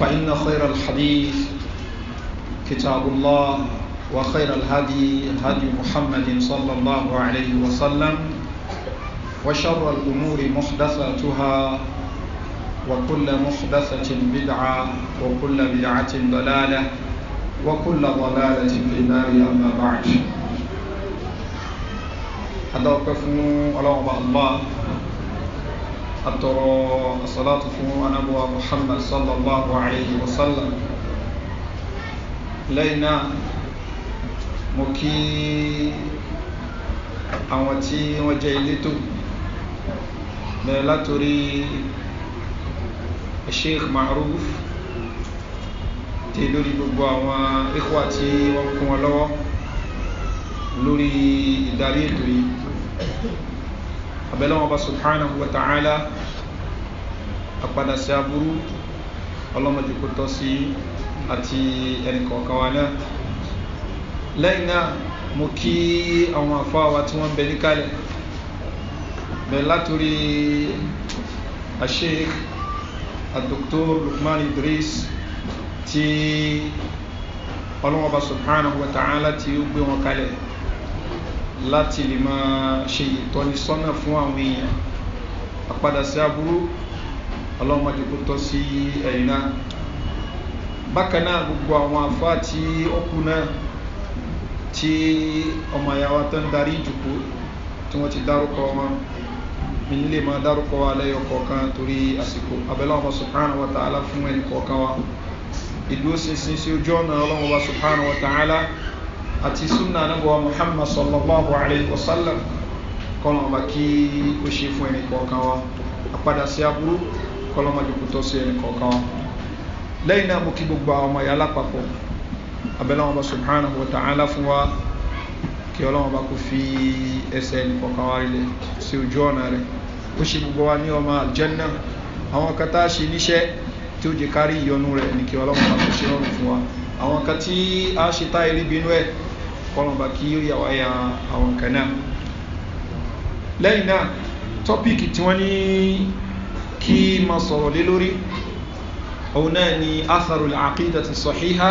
فإن خير الحديث كتاب الله وخير الهدي هدي محمد صلى الله عليه وسلم وشر الأمور محدثاتها وكل محدثة بدعة وكل بدعة ضلالة وكل ضلالة في النار أما بعد هذا وقفنا الله atọrọ asalatu fún anabuwa muhammad sallallahu alayhi wa sallam lẹ́yìn náà mo kí àwọn tí wọ́n jẹ́ ilétò bẹ̀rẹ̀ látòrí sheikh maruf tí lórí gbogbo àwọn ikhwa tí wọ́n kún wọn lọ́wọ́ lórí ìdarí ètò yìí abẹ́lẹ́ wọn bá subhanahu wa ta'ala àpadà sí aburú ọlọ́mọdé kò tọ́ sí àti ẹnì kọ̀ọ̀kan wa náà lẹ́yìn náà mo kí àwọn àfáwà tí wọ́n bẹ níkàlẹ̀ bẹ̀ látòrí asheik adoktor tí ó gbé wọn kalẹ̀ láti lè máa ṣe ìtọ́nisọ́nà fún àwọn èèyàn àpadà sí aburú ọlọ́mọdé kò tọ́ sí ẹ̀yìn náà bákan náà gbogbo àwọn afá tí ó kú náà tí ọmọ àyàwó tó ń darí ìjùkú tí wọ́n ti dárúkọ wọn mi nílé máa dárúkọ wa lẹ́yọ kọ̀ọ̀kan torí àsìkò abẹ́lẹ́ ọmọ subhanahu wa ta'ala fún ẹnì kọ̀ọ̀kan wa ìdúró sinsin sí ojú ọ̀nà ọlọ́mọba subhanahu wa ta'ala àti súnà anábọ̀wá muhammad sallallahu alayhi wa sallam kọ́nà ọba kí ó ṣe fún ẹnì kọ̀ọ̀kan wa àpadà sí aburú kọ́nà ọba jòkó tọ́ sí ẹnì kọ̀ọ̀kan wa lẹ́yìn náà mo kí gbogbo àwọn ọmọ ìyá lápapọ̀ abẹ́lẹ́ wọn wa ta'ala fún wa kí ọlọ́wọ́n bá fi ẹsẹ̀ ẹnì kọ̀ọ̀kan wa rí sí ojú ọ̀nà rẹ̀ ó ṣe gbogbo wa ní ọmọ aljanna àwọn kan tá a ṣe níṣẹ́ tí ó jẹ kárí ìyọnu rẹ̀ ní kí ọlọ́wọ́n bá ṣe rọrùn fún wa àwọn kan tí a ṣe tá ìrìbínú ẹ̀ kọ́lọ̀mbà kí yóò yàwá ya àwọn nǹkan náà lẹ́yìn náà tọ́píkì tí wọ́n ní kí ma sọ̀rọ̀ lé lórí òun náà ni atharul aqida ti sọ̀híhá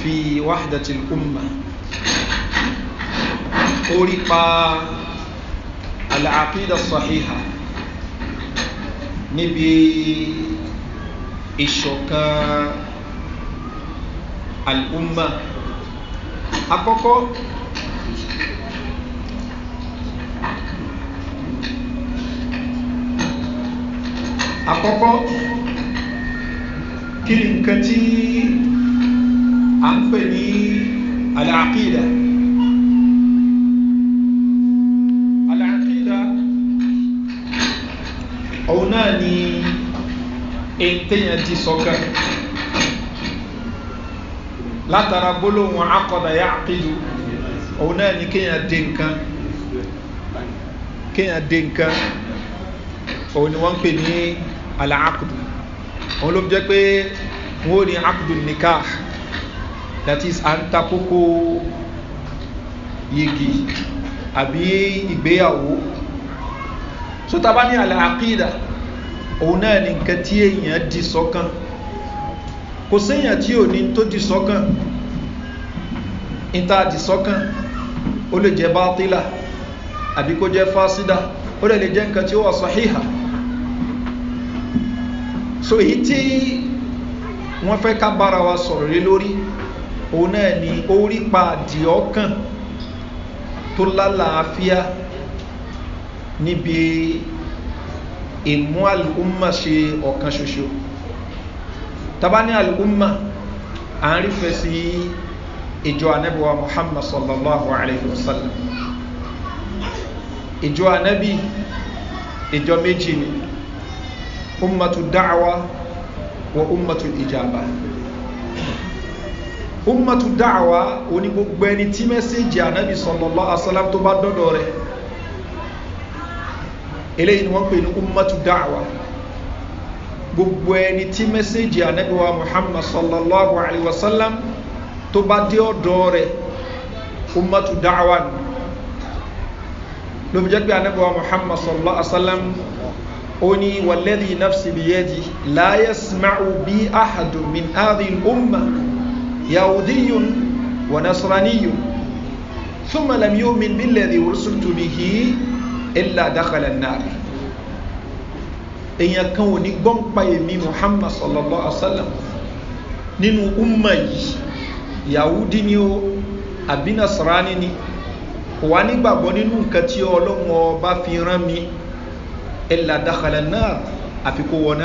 fi wáhdàtì umma orí pa al'aqida sọ̀híhá níbi ìṣọ̀kan al'umma àkọ́kọ́ àkọ́kọ́ kí ni nǹkan tí a ń pè ní àlàáfíìdà àlàáfíìdà òun náà ni èyí téèyàn ti sọ́kàn. So látara gbólóhùn akọ̀dà yá àkìlú òun náà ni kéèyàn dé nǹkan kéèyàn dé nǹkan òun ni wọ́n ń pè ní àlàákùdù òun ló jẹ́ pé wọ́n ní akùdù nìka that is à ń yegi àbí ìgbéyàwó sótaba ní àlàákìdà òun náà ni nǹkan tí èèyàn di sọ́kàn. So kò séyàn tí ò ní tó dì sọ́kàn níta dì sọ́kàn ó lè jẹ́ bátìlà àbí kó jẹ́ fásídà ó lè lè jẹ́ nǹkan tí ó wà sọ́híhà so èyí tí wọ́n fẹ́ ká bára wa sọ̀rọ̀ lé lórí òun náà ni ó rí pa àdì ọkàn tó lálàáfíà níbi ìmú àlùmọ̀ ṣe ọ̀kan ṣoṣo tabani al'umma à ń rífẹ́ sí ìjọ anábíwa muhammad sallallahu alayhi wa sallam ìjọ anábí ìjọ méjì ni ummatu da'awa wa ummatu ijaba ummatu da'awa oní gbogbo ẹni tí mẹ́sẹ̀jì anábí sallallahu alayhi wa sallam tó bá dọ́dọ̀ rẹ̀ eléyìí ni wọ́n pè ní ummatu da'awa gbogbo ẹni tí mẹ́sẹ̀gì anabiwa muhammad sallallahu alayhi wa sallam tó bá dé ọ̀dọ́ rẹ̀ ummatu da'awa ni ló fi jẹ́ pé anabiwa muhammad sallallahu alayhi wa sallam ó ní wàlẹ́dì nafsi biyẹ́dì láyé smaru bí ahadu min adil umma yahudiyun wa nasraniyun ثم لم يؤمن بالذي ورسلت به إلا دخل النار èèyàn kan ò ní gbọ́npa èmi muhammad sallallahu alaihi wa sallam nínú umma yìí yahudi ni o àbí nasarani ni kò wá nígbàgbọ́ nínú nǹkan tí ọlọ́run ọba fi rán mi ẹ̀là náà àfikún wọn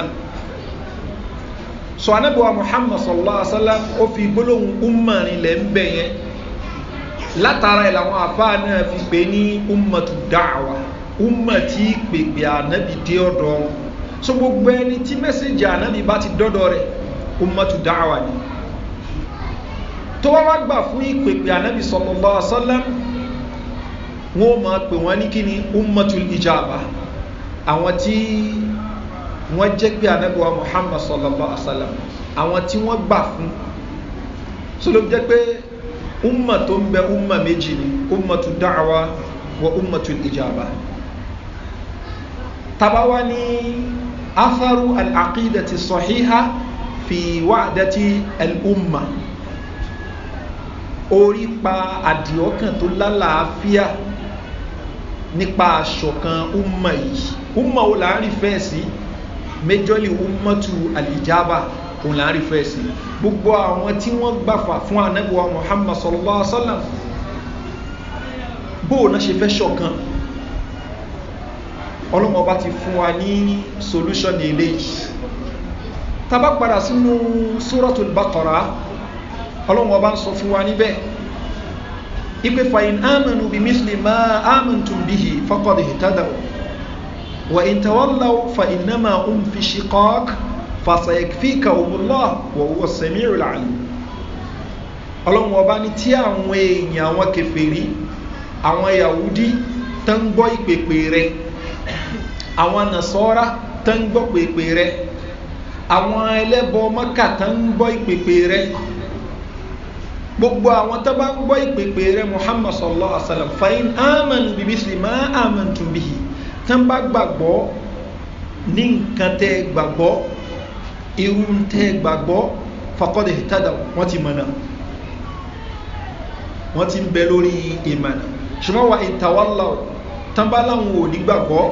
sọ anábíwá muhammad sallallahu alaihi wa sallam ó fi gbólóhùn umma rinlẹ̀ ń bẹ̀ yẹn látara ẹ̀ làwọn àfáà náà fi pè ní ummatu da'wa umma tí pèpè ànábì dé ọ̀dọ̀ wọn so gbogbo ẹni tí mẹ́sẹ̀jì ànábì bá ti dọ́dọ̀ rẹ̀ ó mọ́tò dáhàwá ni tó wá wá gbà fún ìpèpè ànábì sọlọ́lá sọ́lám wọ́n máa pè wọ́n ní kíni ó mọ́tò ìjàmbá àwọn tí wọ́n jẹ́ pé ànábì wa muhammad sọlọ́lá sọ́lám àwọn tí wọ́n gbà fún so jẹ́ pé umma tó ń bẹ umma méjì ni umma tó dáhàwá wa umma tó ìjàmbá tabawa ni atharu al-aqidati sahiha fi wa'dati al-umma orí pa àdìọ́kàn tó lálàáfíà nípa àṣọ̀kan umma yìí umma wo láàrin fẹ́ sí méjọ́lì ummatu al-ijaba òun láàrin fẹ́ sí gbogbo àwọn tí wọ́n gbàfà fún anábíwá muhammad sallallahu alaihi wasallam bóò náà ṣe fẹ́ ṣọ̀kan ọlọ́wọ́n bá ti fún wa ní solution eléyìí tàbá padà sínú sórọ́tò bàkọ̀rá ọlọ́wọ́n bá ń sọ fún wa níbẹ̀ ipe fain amanu bi misli ma amantum bihi fakod hitadaw wa in tawallaw fa innama um fi shiqaq fa sayakfika umullah wa huwa samiu alim ọlọ́wọ́n ọba ní tí àwọn èèyàn àwọn kẹfẹ́rí àwọn yahudi tán gbọ́ ìpèpè rẹ̀ àwọn nàṣọ́ra tó ń gbọ́ pèpè rẹ àwọn ẹlẹ́bọ mọ́kà tó ń gbọ́ ìpèpè rẹ gbogbo àwọn tó bá ń gbọ́ ìpèpè rẹ muhammad sallallahu alaihi wa sallam fain amanu bibi silima amantu bihi tó ń bá gbàgbọ́ ní nǹkan tẹ́ gbàgbọ́ irú tẹ́ gbàgbọ́ fakọ́dé tádà wọ́n ti mọ̀nà wọ́n ti ń bẹ lórí ìmọ̀nà ṣùgbọ́n wa ìtawọ́lá tán bá láwọn ò ní gbàgbọ́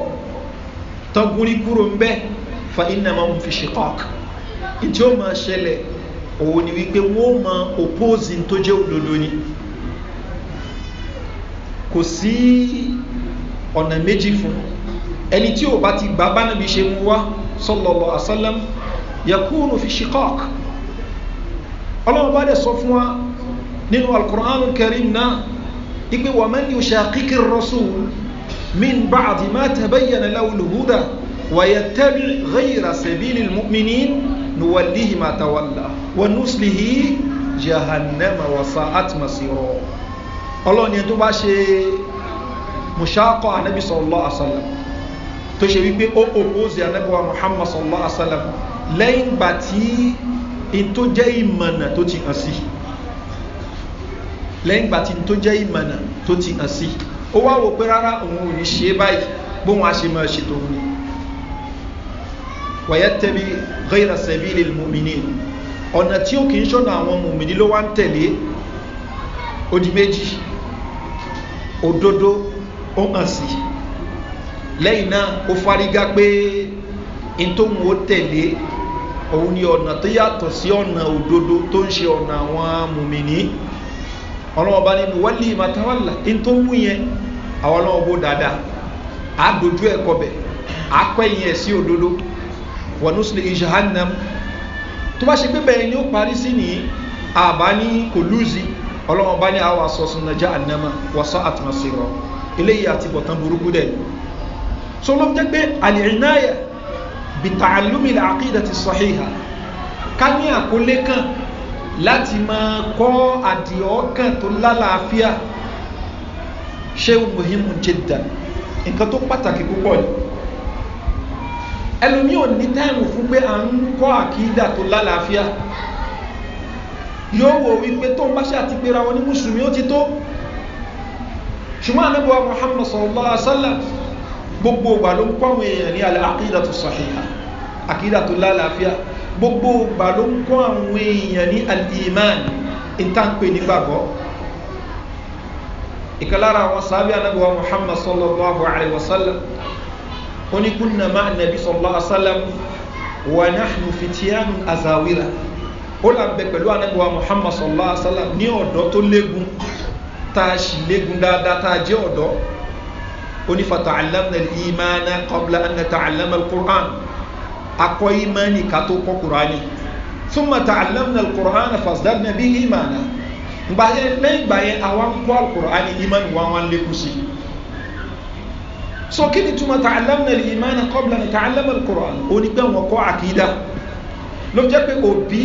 tọ́gúnrí kúrò ń bẹ́ fa iná máa ń fi ṣe kọ́ọ̀kì ìtí ó máa ṣẹlẹ̀ òun ni wípé wọ́n máa oppose tó jẹ́ òdodo ni kò sí ọ̀nà méjì fún ẹni tí ò bá ti gbà bá níbi ṣe mú wá sọ́lọ̀lọ̀ àsálẹ́m yakúrò fi ṣe kọ́ọ̀kì bá dẹ̀ sọ fún wa nínú alukur'an kẹrin náà ìgbé wàmẹ́ni ò ṣe àkíkì rọ́sùn من بعد ما تبين له الهدى ويتبع غير سبيل المؤمنين نوليه ما تولى ونسله جهنم وساءت مصيرا الله ni tó bá ṣe mushaqqa anabi sallallahu alaihi wasallam tó ṣe wípé ó oppose anabi wa muhammad sallallahu alaihi wasallam lẹ́yìn gbà tí in tó jẹ́ ìmọ̀nà tó ti hàn sí lẹ́yìn gbà tí in tó jẹ́ ìmọ̀nà tó ti hàn sí ó wá wò pé rárá òun ò ní ṣe é báyìí bóun á ṣe máa ṣètò òun ni wàyẹ́tẹ́bí gẹ́rẹ́ sẹ́bílì mòmìnì ọ̀nà tí ó kì í ṣọ́nà àwọn mòmìnì ló wá ń tẹ̀lé odi méjì òdodo ó hàn sí lẹ́yìn náà ó farigá pé ntóhun ó tẹ̀lé òun ni ọ̀nà tó yàtọ̀ sí ọ̀nà òdodo tó ń ṣe ọ̀nà àwọn mòmìnì ọlọ́wọ́ bá nínú wọ́n lè máa tawàlà ní tó mú yẹn àwọn ọlọ́wọ́ bó dáadáa á dojú ẹ̀ kọbẹ̀ á kọ́ ẹ̀yìn ẹ̀ sí òdodo wọ́n ní sílẹ̀ ìṣàhánam tó bá ṣe pé bẹ́ẹ̀ ni ó parí sí ní àbá ní kò lùzì ọlọ́wọ́ bá ní àwọn asọ̀sùn nàjà ànàmà wọ́sọ́ àtúnṣe eléyìí àti bọ̀tán burúkú dẹ̀ so ló jẹ́ pé àlìrìnáyà bìtàlùmìlà àkídà ti sọ̀híhà láti máa kọ́ àdìọ́kàn tó lálàáfíà ṣé muhimu jẹ́dà nǹkan tó pàtàkì púpọ̀ ni ẹlòmí ò ní táìmù fún pé à ń kọ́ àkídà tó lálàáfíà yóò wò wípé tó ń bá ṣe àti pera wọn ní mùsùlùmí ó ti tó ṣùgbọ́n anábọ̀ muhammad sallallahu alaihi wasallam gbogbo ìgbà ló ń kọ́ àwọn èèyàn ní àkídà tó sàhíhà àkídà tó lálàáfíà gbogbo ìgbà ló ń kọ́ àwọn èèyàn ní al-iman ìtànpé nígbàgbọ́ ìkàlára àwọn sábẹ́ anábíwá muhammad sallallahu alaihi wasallam oníkúnnà máa nàbí sallallahu alaihi wasallam wà náhnu fitiyanu azawira ó là ń bẹ pẹ̀lú anábíwá muhammad sallallahu alaihi wasallam ní ọ̀dọ́ tó léegun tá léegun dáadáa tá ọ̀dọ́ onífàtà alamna al-imana qabla an na ta al-qur'an akọ́ ìmánì ká tó kọ́ kùránì súnmọ́ ta alámúnà kùránì fàṣdánà bí ìmánà gba yẹn lẹ́yìn gba yẹn àwa ń kọ́ kùránì ìmánì wọn wọn lékún sí so kí ni túmọ̀ ta alámúnà ìmánà kọ́bla ni ta alámúnà kùránì onígbà wọn kọ́ àkídá ló jẹ́ pé òbí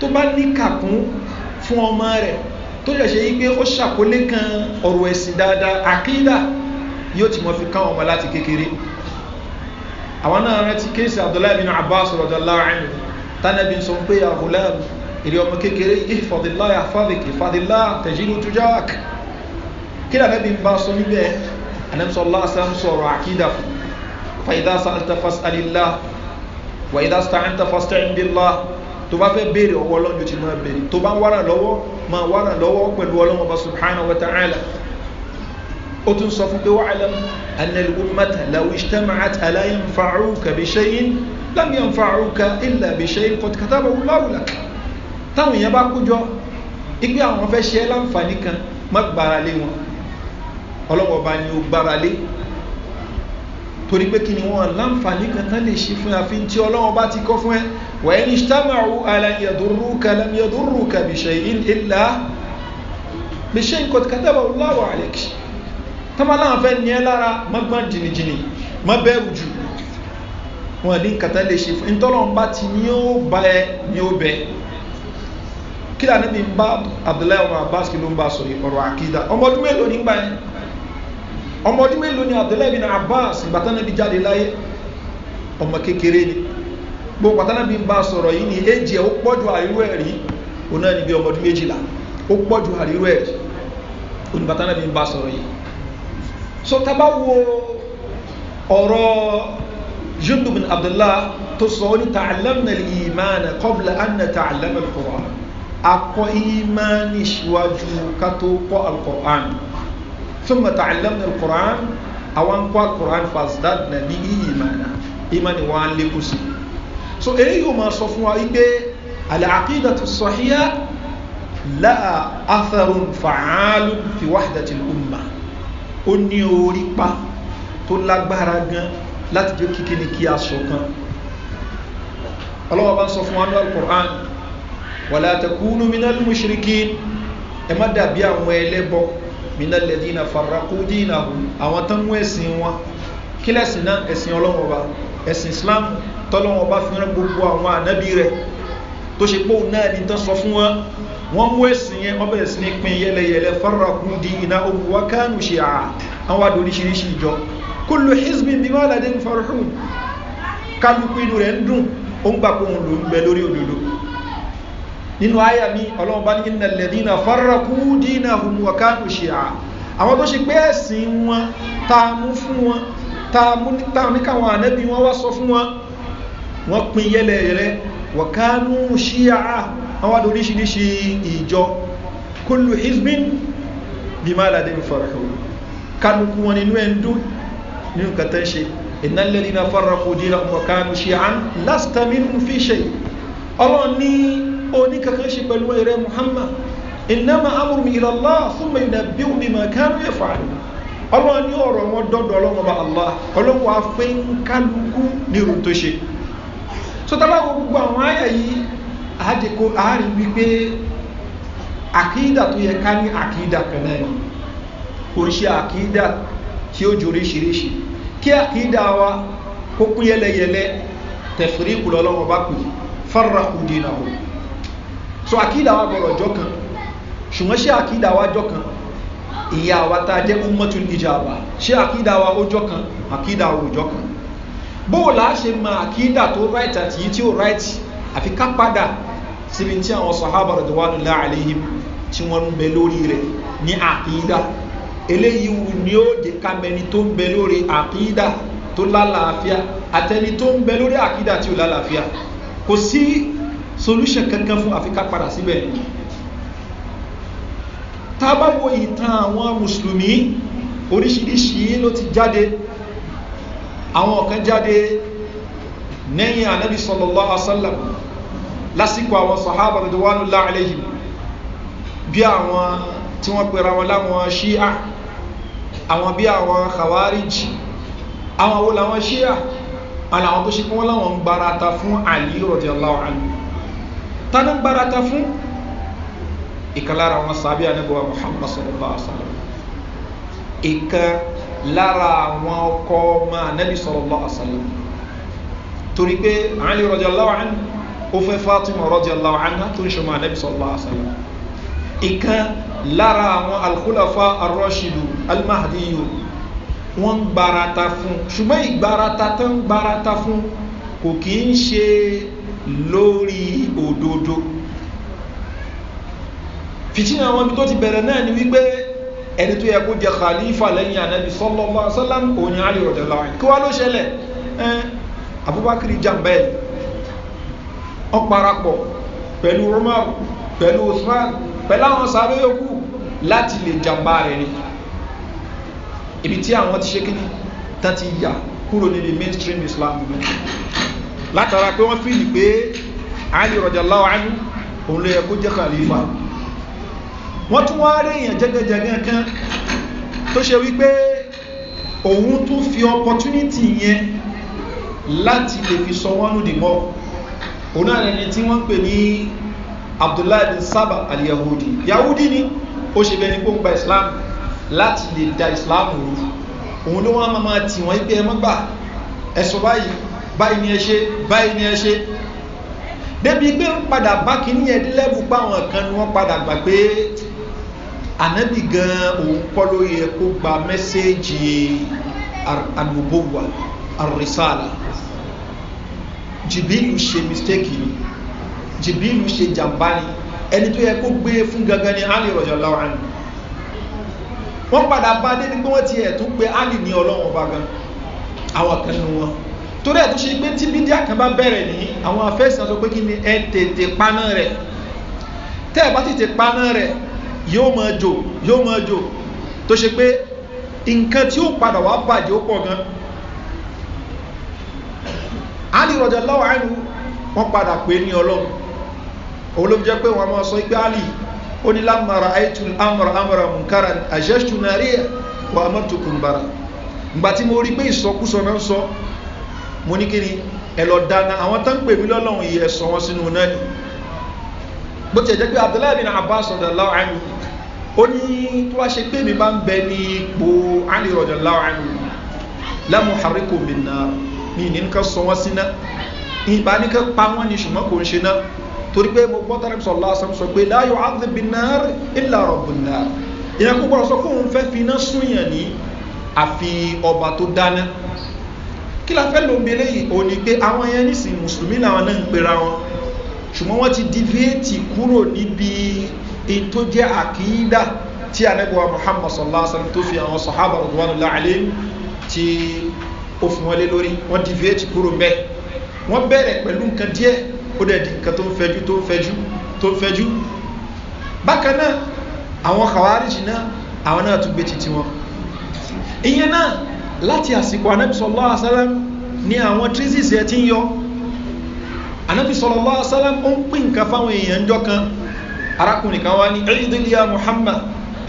tó bá fún ọmọ rẹ̀ tó yẹ ṣe pé ó ṣàkólé kan ọ̀rọ̀ ẹ̀sìn dáadáa àkídá yóò ti mọ̀ fi káwọn ọmọ láti kékeré àwọn náà rántí kéèsì abdullahi bin abbas rọ̀dọ̀láwà ẹ̀mí tánàbí sọ pé àhùlẹ́m èrè ọmọ kékeré ìfọ̀dìlá àfàdìkì ìfàdìlá tẹ̀jìlú tuják kí lànàbí bá sọ níbẹ̀ anamsọ́lá sam sọ̀rọ̀ àkídà fún fàyídá sàǹtà fásitàlílá wàyídá ó tún sọ fún pé wà álẹ́ anil umata lawishtama'at alayin fa'aruka bi ṣeyin lamiyan fa'aruka illa bi ṣeyin kọtikatábọ̀ wúláwùlá táwọn èèyàn bá kójọ ipe àwọn fẹ́ ṣe é láǹfààní kan má gbára lé wọn ọlọ́wọ́ bá ní o gbára lé torí pé kí ni wọn láǹfààní kan tán lè ṣe fún àfin tí ọlọ́wọ́ bá ti kọ́ fún ẹ wẹ́n ní ṣtámàrú aláyàdúrúkà lámìyàdúrúkà bìṣẹ́ ìlà bìṣẹ́ ìkọ̀tàkátàbà láwọ̀ àlẹ́kì tọ́mọ́lá àwọn fẹ́ ní ẹ lára mọ́gbọ́n jìnnìjìnnì mọ́ bẹ́ẹ̀rù jù wọn ní kàtà lè ṣe fún ìtọ́lọ́mbá ti ní ó bá ẹ ní ó bẹ kí lànà bí n bá abdullahi ọmọ abbas kí ló ń bá sọ ọ̀rọ̀ àkídà ọmọ ọdún mélòó nígbà yẹn ọmọ ọdún mélòó ni abdullahi bin abbas ìgbàtà náà bí jáde láyé ọmọ kékeré ni gbogbo pàtà náà bí n bá sọ̀rọ̀ yìí ni éjì ẹ̀ ó pọ̀jù àríwú rí òun náà ni bí ọmọ ọdún méjìlá ó pọ̀jù àríwú ẹ̀ rí òun bàtà náà bí n bá sọ̀rọ̀ yìí so tábà wo ọ̀rọ̀ jundu bin abdullah tó sọ ó ní tàlámà ìmáàna kọ́bùlà àná tàlámà kùrán akọ ìmáàni ṣíwájú ká tó kọ́ alkùrán fún mọ̀ tàlámà kùrán àwọn kọ́ alkùrán fasdadna ní ìmáàna ìmáàni wọn lékún sí so èyí yóò máa sọ fún wa wípé àlàáfíà tó sọ híyá láà atharun fàálù fi wáhidàtì umma ó ní orí pa tó lágbára gan láti jẹ́ kíkí ni kí a sọ kan ọlọ́wọ́ bá ń sọ fún wọn al-qur'an wàlá àtẹkùnú minal mushrikin ẹ má dàbí àwọn ẹlẹ́bọ minal ladina farraqu dinahum àwọn tán mú ẹ̀sìn wọn kí lẹ́sìn náà ẹ̀sìn ọlọ́wọ́ bá ẹ̀sìn islam tọ́lọ́wọ́ bá fi rán gbogbo àwọn ànábì rẹ̀ tó ṣe pé náà ni tán sọ fún wọn wọ́n mú ẹ̀sìn yẹn ọbẹ̀ sí ní pin yẹlẹyẹlẹ farakun di iná ogun wa kánú ṣe àà àwọn àdó oríṣiríṣi ìjọ kúlù hizbin bí mọ́ládé ń farahun kálukú inú rẹ̀ ń dùn ó ń gbà pé òun ló bẹ lórí òdodo nínú àyà mi ọlọ́run bá ní iná lẹ́dínà farakun di iná ogun wa kánú ṣe àà àwọn tó ṣe pé ẹ̀sìn wọn ta mú fún wọn ta mú ní ànẹ́bí wọn wá sọ fún wọn wọ́n pin yẹlẹyẹlẹ wa kánú ṣe àà àwọn adoríṣiríṣi ìjọ kúlù hizbin bí máa ládé ń farahù kálukú wọn nínú ẹ̀ndú nínú kàtà ṣe ìnálẹ́lì na farahù dínà ọmọkánu ṣe án lásìtà mínú fi ṣe ọlọ́run ní oníkankan ṣe pẹ̀lú ẹ̀rẹ́ muhammad ìnáma amúrùmí ìlàlá gbogbo àwọn àyà yìí àádìkò àárín wípé àkídà tó yẹ ká ní àkídà kan náà ni kò ń àkídà tí ó jò ríṣiríṣi kí àkídà wa kó pín yẹlẹyẹlẹ tẹ̀fìrí ìkùlọ̀ bá pè fara kùdì náà so àkídà wa gbọ́dọ̀ jọ kan ṣùgbọ́n ṣé àkídà wa jọ kan ìyá wa ta jẹ́ umatul ijaba ṣé àkídà wa ó jọ kan àkídà wa ò jọ kan bóòlà ṣe mọ àkídà tó right àti yìí tí ó right àfi ká padà síbi tí àwọn sọ̀hábà rẹ̀ wà lọ́la àlẹ́yìn tí wọ́n ń bẹ lórí rẹ̀ ní àkídà eléyìí ni ó jẹ́ kámẹ́ni tó ń bẹ lórí àkídà tó lálàáfíà àtẹni tó ń bẹ lórí àkídà tí ó lálàáfíà kò sí solution kankan fún àfikà padà síbẹ̀ tábàbò ìtàn àwọn mùsùlùmí oríṣiríṣi ló ti jáde àwọn kan jáde nẹ́yìn ànábì sọlọ́lá asálàmù lásìkò àwọn sọ̀hábà tó wà lọ́la àlẹ́yìn bí àwọn tí wọ́n pera wọn láwọn ṣíà àwọn bí àwọn khawarij àwọn wo làwọn ṣíà àwọn tó ṣe kí wọ́n láwọn ń fún àlì rọ̀dí aláwọ̀ tánú gbarata fún ìkan lára sàbí anábọ̀wá muhammad sallallahu alaihi wa ó fẹ́ fatima rọ́jà làwọ̀nà tó ń ṣọmọ anabi sọlá àṣàlá ìkan lára àwọn alkulafa arọ́ṣìlú almahdiyo wọ́n ń gbarata fún ṣùgbọ́n ìgbarata tó ń gbarata fún kò kí ń ṣe lórí òdodo fìtínà àwọn ibi tó ti bẹ̀rẹ̀ náà ni wípé ẹni tó yẹ kó jẹ khalifa lẹ́yìn anabi sọlọ́mọ sọlá òní àlè ọ̀dẹ̀lá kí wá ló ṣẹlẹ̀ abubakar jàmbá ọparapọ̀ pẹ̀lú umar pẹ̀lú usman pẹ̀lú àwọn sáré yòókù láti lè jàmbá rẹ̀ ni ibi tí àwọn ti ṣe kíní tán ti yà kúrò nínú mainstream islam mi látara pé wọ́n fìlì pé ali rọ̀jà láwọn àánú òun lè yẹ kó jẹ́ khalifa wọ́n tún wá rí èèyàn jẹ́gẹ́jẹ́gẹ́ kan tó ṣe wípé òun tún fi opportunity yẹn láti lè fi sọ wọ́n nù dìmọ́ òun àrẹni tí wọ́n pè ní abdullahi bin saba al-yahudi yahudi ni ó ṣe bẹni pé ó ń gba islam láti lè da islam rú òun ló wọ́n máa tì wọ́n pé ẹ mọ́ gbà ẹ̀sùn báyìí báyìí ni ẹ ṣe báyìí ni ẹ ṣe débi pé ń padà bá kínní yẹn dé lẹ́bù pa àwọn kan ni wọ́n padà gbà pé ànábì gan òun kọ́ ló yẹ kó gba mẹ́sẹ́ẹ̀jì ànúbọ̀wà àrísàlà. Ar jìbìlù ṣe mistake ni jìbìlù ṣe jàmbá ni ẹni tó yẹ kó gbé e fún gangan ni ali rọ̀jọ̀ láwọn àná wọ́n padà bá dé ní wọ́n ti ẹ̀ tún pé ali ní ọlọ́wọ́n ọba gan àwọn kan nu wọn torí ẹ̀ tó ṣe pé tí bídíà kan bá bẹ̀rẹ̀ ní àwọn afẹ́sàn sọ pé kí ni ẹ tètè paná rẹ̀ tẹ́ ẹ bá tètè paná rẹ̀ yóò máa jò yóò máa jò tó ṣe pé nǹkan tí ó padà wá bàjẹ́ ó pọ̀ gan ali rọ̀jà lọ́wọ́ àìní wọ́n padà pé ní ọlọ́run òun ló jẹ́ pé wọ́n máa sọ pé ali ó ní lámàrà àìtùl amọ̀rà amọ̀rà mùkárà àṣẹ́ṣù nàríyà wà á mọ̀tò kùnbàrà ìgbà tí mo rí pé ìsọkúsọ náà sọ mo ní kí ni ẹ lọ dáná àwọn tó ń pè mí lọ́lọ́run yìí ẹ wọn sínú náà ni bó ti ẹ̀ jẹ́ pé abdullahi bin abbas rọ̀jà lọ́wọ́ ní ìníkan sọ wọ́n síná ìbáníkan pa wọ́n ni ṣùgbọ́n kò ń ṣe náà torí pé mo gbọ́tà rẹ̀ sọ̀lá sọ sọ pé láyò áàdìbìnàr ìlà ọ̀bùnà ìyẹn kó gbọ́dọ̀ sọ pé òun fẹ́ fi iná súnyàn ní àfi ọba tó dáná kí la fẹ́ lóun bẹ̀rẹ̀ yìí òní pé àwọn yẹn nísìn mùsùlùmí làwọn náà ń pera wọn ṣùgbọ́n wọ́n ti diviate kúrò níbi ètò jẹ́ àkídà tí anagba muhammad sallallahu alaihi wa sallam tó fi àwọn sahaba rẹ̀ wọn lálẹ́ tí ó fi wọ́n lé lórí wọ́n deviate kúrò bẹ́ẹ̀ wọ́n bẹ̀rẹ̀ pẹ̀lú nǹkan díẹ̀ ó dẹ̀ di nǹkan tó ń fẹjú tó ń fẹjú tó ń fẹjú bákan náà àwọn kàwáríjì náà àwọn náà tún gbé títí wọn ìyẹn náà láti àsìkò anábìsọ̀lọ́ asálám ni àwọn trísìsì ẹ ti ń yọ anábìsọ̀lọ́ asálám ó ń pín nǹkan fáwọn èèyàn jọ kan arákùnrin kan wá ní ẹ̀yìn dìlíà muhammad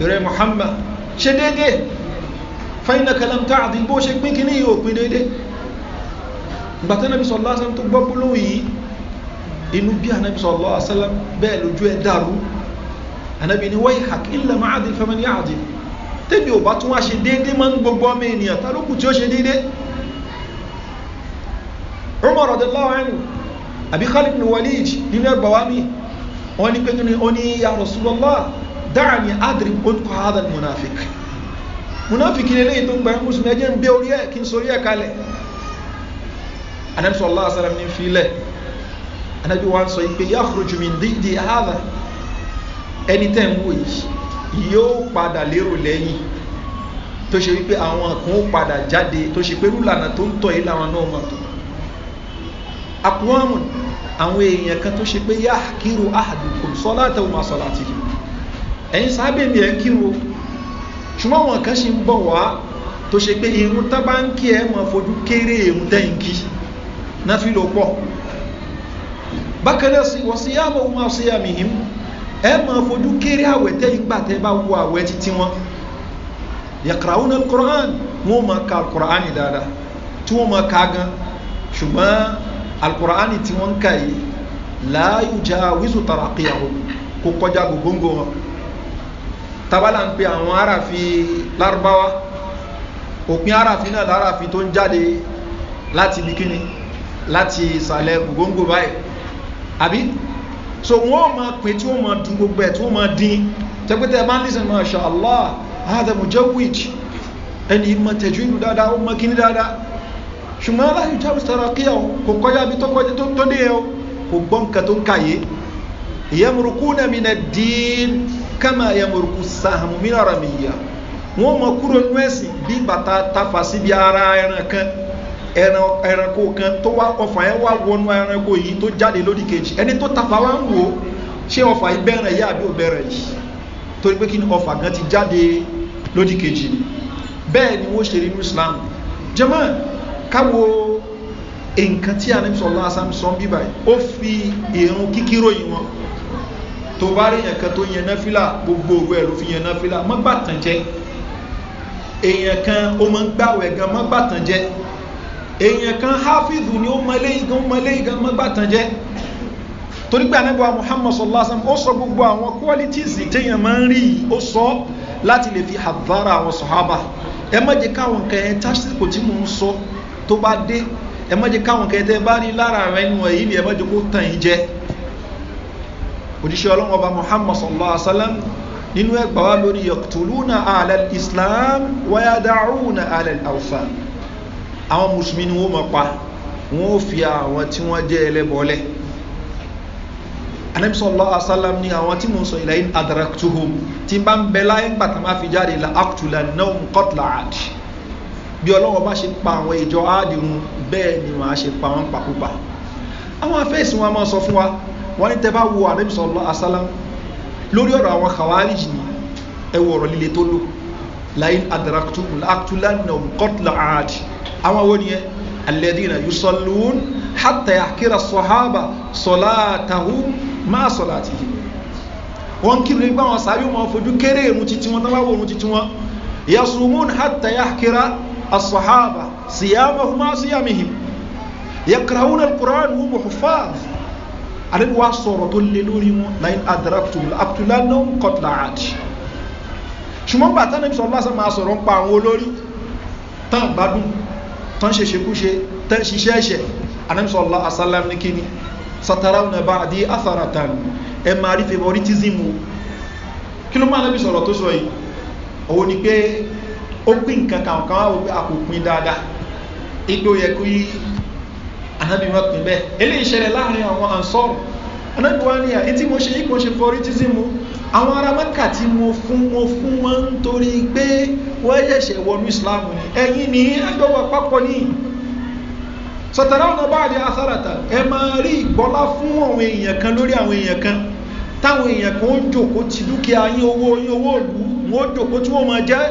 ìrẹ́ muhammad ṣe déédéé fàyínà kẹlẹ́mtà àti bó ṣe pín kí ní yóò pín déédé gbàtẹ́ nàbí sọ lásán tó gbọ́ gbólóhùn yìí inú bí anábì sọ lọ́wọ́ asálám bẹ́ẹ̀ lójú ẹ̀ dàrú anábì ni wáyé hàk ilẹ̀ máa àdìl fẹ́mẹ́lì àdìl tẹ́bi ò bá tún wá ṣe déédé máa ń gbogbo ọmọ ènìyàn tá ló kù tí ó ṣe déédé umar ọ̀dẹ́láwọ̀ ẹnu àbí khalid ní walid nínú ẹgbà wa mi wọ́n ní pé ní yàrá sùlọ́lá dáhà ní adìl ó ń kọ́ hadal munafik munafiki lè léyìn tó ń gbà mùsùlùmí ẹjẹ́ ń gbé orí ẹ̀ kí n sorí ẹ̀ kalẹ̀ anamsọ allah asalam ní filẹ̀ anabi wa ń sọ yìí pé yakhruju min dídì hàdà ẹni tẹ́ ń wò yìí yóò padà lérò lẹ́yìn tó ṣe wípé àwọn kan ó padà jáde tó ṣe pé rúlànà tó ń tọ̀ yìí làwọn náà máa tọ̀ akwamun àwọn èèyàn kan tó ṣe pé yá kírun ahàdùkùn sọ́lá tẹ̀wọ̀n sọ́lá ti yìí ẹ̀yin sábẹ́ mi ẹ̀ ń kírun ṣùgbọ́n wọn kan ṣe ń bọ̀ wá tó ṣe pé irun tán bá ń kí ẹ mọ̀ fojú kéré irun tẹ́ǹkì náà fi lò pọ̀ bákanáà sí wọ́n sí yàmọ̀ ohun àwọn síyàmì yìí ẹ mọ̀ fojú kéré àwẹ̀ tẹ́yìn gbà tẹ́ bá àwẹ̀ títí wọn yàkàràwọn alukoran wọn mọ̀ ká alukoran dáadáa tí wọ́n mọ̀ ká gan ṣùgbọ́n alukoran tí wọ́n ń kà yìí láàyò já wíṣù tàràkìyàwó kó kọjá gbogbo wọn tabala ń pe àwọn aráàfi lárúbáwá òpin aráàfi náà láràfi tó ń jáde láti ibi kíni láti ìsàlẹ̀ gbogbo báyìí àbí so wọ́n ma pè tí wọ́n ma dùn gbogbo ẹ̀ tí wọ́n ma dín tẹ́pẹ́tẹ́ bá ń lè sẹ́nu àṣà allah adamu jẹ́ wíj ẹni ma tẹ̀jú ìlú dáadáa ó ma kíní dáadáa ṣùgbọ́n aláyù jáwé sara kí ọ kò kọjá bí tó kọjá tó tó ẹ o kò gbọ́ nǹkan tó ń kàyé ìyẹ́mùrúkú náà mi dín kama yamuruku sahamu mina ramiya wọn mọ kúrò nínú ẹsìn bí bàtà tafa síbi ara ẹran kan ẹranko kan tó wá ọfà yẹn wá wọnú ẹranko yìí tó jáde lórí kejì ẹni tó tafa wá ń wò ṣé ọfà yìí bẹ̀rẹ̀ yá àbí ò bẹ̀rẹ̀ torí pé kí ni ọfà gan ti jáde lórí kejì ni bẹ́ẹ̀ ni wọ́n ṣe rí islam jẹ́mọ́ káwo nǹkan tí a ní sọ̀rọ̀ lásán sọ bíbáyìí ó fi èrún kíkíròyìn wọn tó bá rí èèyàn kan tó yẹn náfìlà gbogbo òwe ẹ̀ ló fi yẹn náfìlà mọ́ gbàtàn jẹ́ èèyàn kan ó mọ́ ń gbàwẹ̀ gan mọ́ gbàtàn jẹ́ èèyàn kan hafizu ni ó mọlé igan ó mọlé igan mọ́ gbàtàn jẹ́ torí pé anábọ̀ muhammad sallallahu alaihi wasallam ó sọ gbogbo àwọn qualities téèyàn máa ń rí yìí ó sọ láti lè fi hadhara àwọn sọ̀hábà ẹ má jẹ́ káwọn nǹkan ẹ̀ tásìkò tí mò ń sọ tó bá dé ẹ má jẹ́ káwọn nǹkan ẹ̀ tẹ́ bá rí lára rẹ̀ nù ẹ̀yìn ni ẹ má jẹ́ kó tàn yín jẹ́ òjíṣẹ́ ọlọ́run ọba muhammad sallallahu alaihi wa sallam nínú ẹgbà wa lórí yọ̀tùlúnà alẹ́ islam wáyá dáhùnà alẹ́ alfa àwọn musulmi ni wọ́n mọ̀ pa wọ́n fi àwọn tí wọ́n jẹ́ ẹlẹ́bọ̀ọ́lẹ̀ anamisọ́lọ́ asálàm ni àwọn tí mo sọ ilẹ̀ in adaraktuhum tí bá ń bẹ láyé gbàtà máa fi jáde la actula náà kọ́tla àdì bí ọlọ́wọ́ bá ṣe pa àwọn ìjọ áàdì bẹ́ẹ̀ ni wọ́n á ṣe pa wọ́n pàkópa àwọn afẹ́ ìsìn wọn máa sọ fún wa wọ́n ní tẹ́bá wo ànábì sọ̀rọ̀ asálám lórí ọ̀rọ̀ àwọn khawarij ni ẹ wọ ọ̀rọ̀ líle tó lò láì adaraktu akutulana kọtula aadi àwọn wo ni yẹ alẹ́dínà yusolun hàtà àkírà sọ̀hábà sọ̀láàtàhù máa sọ̀láàtì yìí wọ́n kiri nípa àwọn sáré wọn fojú kéré irun titi wọn tọ́lá wo titi wọn yasumun hàtà àkírà asọ̀hábà síyámahùmá síyámihìm yakrahun alkuraanu muhufaz àdébí wá sọ̀rọ̀ tó lé lórí wọn láì adraktul abdulano kotlaad ṣùgbọ́n gbà tánàbí sọ lásán máa sọ̀rọ̀ ń pa àwọn olórí tán gbádùn tán ṣe ṣekúṣe tán ṣiṣẹ́ ẹ̀ṣẹ̀ àdébí sọ lásán ní kíni satara na bá àdí atharatan ẹ máa rí favoritism o kí ló máa lẹ́bí sọ̀rọ̀ tó sọ yìí òun ni pé ó pín nǹkan kan kan wá àpòpin dáadáa ipò yẹ kó yìí anabi wọn pin bẹ́ẹ̀ eléyìí ṣẹlẹ̀ láàrin àwọn ansọ́rù anabi wa ni à etí mo ṣe yìí kò ṣe favoritism àwọn ará mẹ́kà tí mo fún mo fún wọn nítorí pé wọ́n ṣẹ̀ṣẹ̀ wọnú islam ni ẹ̀yin ní ẹjọ́ wà papọ̀ ní sọ̀tàrà ọ̀nà bá àdé asáràtà ẹ máa rí ìgbọ́lá fún àwọn èèyàn kan lórí àwọn èèyàn kan táwọn èèyàn kan ó jòkó ti dúkìá yín owó yín owó òlú wọn ó jòkó tí wọ́n máa jẹ́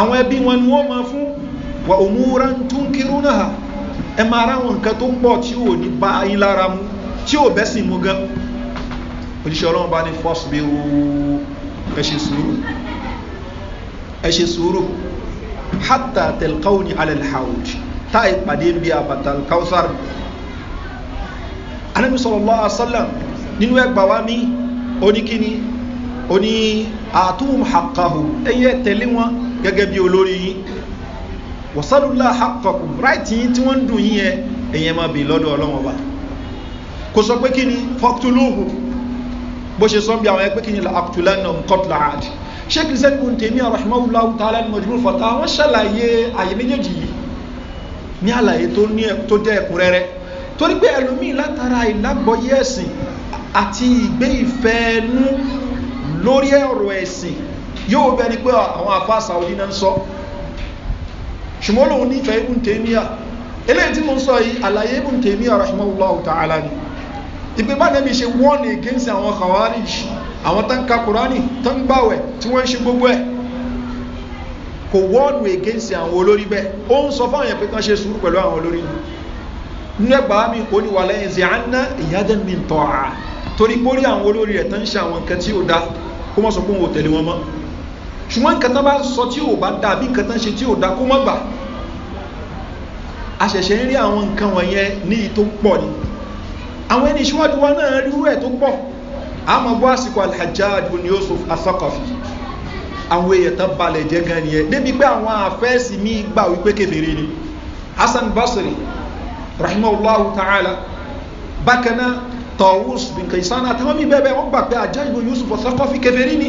àwọn ẹbí wọn ni wọ́n máa fún wà òmùúra tún kírú náà ẹ máa ráwọn nǹkan tó ń pọ̀ tí ò ní bá yín lára mú tí ò bẹ́ sì mú gan òjíṣẹ́ ọlọ́run bá ní fọ́ọ̀sì bí o ẹ ṣe sùúrù ẹ ṣe sùúrù hátà tẹ̀lkáwò ní alẹ́ lẹ́hàwùd tá ìpàdé bíi àbàtà káwùsàr anábì sọ̀rọ̀ lọ́wọ́ asọ́lá nínú ẹgbà wa ní oníkíní oní àtúwùm hàkàhù ẹ̀yẹ tẹ̀lé wọn gẹ́gẹ́ bí olórí yìí wọ́sálùlá àkọ́kùn ráìtì yìí tí wọ́n ń dùn yín yẹn èyàn máa bè lọ́dọ̀ ọlọ́wọ́n wa kò sọ pé kí ni fọ́ktulúhù bó ṣe sọ bí àwọn ẹgbẹ́ kí ni àkùtùlánà kọ́tùlá àdì ṣé kìrìsẹ́ kùn tèmi àrọ̀ṣùmáwùláwù tààlà ní mọ̀júmọ́ fọ́tà wọ́n ṣàlàyé àyè méjèèjì yìí ní àlàyé tó jẹ́ ẹ̀kúnrẹ́rẹ́ torí pé ẹlòmíì látara ìlágbọ́yé ẹ̀sìn àti ìgbé ìfẹ́ ẹnu lórí ọ̀rọ̀ ẹ̀sìn yóò bẹni pé àwọn afá saudi náà ń sọ so ṣùgbọ́n lòun nífẹ̀ẹ́ ibùn tèmíà eléyìí tí mo ń sọ yìí àlàyé ibùn tèmíà rahimahullah ta'ala ni against àwọn khawarij àwọn tán ka kùránì tán gbàwẹ̀ tí wọ́n ń ṣe gbogbo ẹ̀ kò wọ́ọ̀nù against àwọn olórí bẹ́ẹ̀ ó ń sọ fáwọn yẹn pé kán ṣe sùúrù pẹ̀lú àwọn ni nígbà kó mọ̀ sọ wọn mọ́ ṣùgbọ́n nǹkan tán bá sọ tí ò bá dà bí nǹkan tán ṣe tí ò dá kó mọ́ gbà àṣẹ̀ṣẹ̀ ń rí àwọn nǹkan wọ̀nyẹn ní i tó pọ̀ ni àwọn ẹni ìṣíwájú wa náà rí rẹ̀ tó pọ̀ àmọ́ bó àsìkò alhajjáàdù ni ó so asọ́kọ̀fì àwọn èèyàn tán balẹ̀ jẹ́ gan ni ẹ débi pé àwọn àfẹ́ẹ̀sì mi gbà wípé kéferé ni hassan basri rahimahullahu ta'ala bákan náà tawus bin kaisana àtàwọn mi bẹ́ẹ̀ bẹ́ẹ̀ wọ́n gbà pé àjá ìbò yusuf asọ́kọ̀fì kéferé ni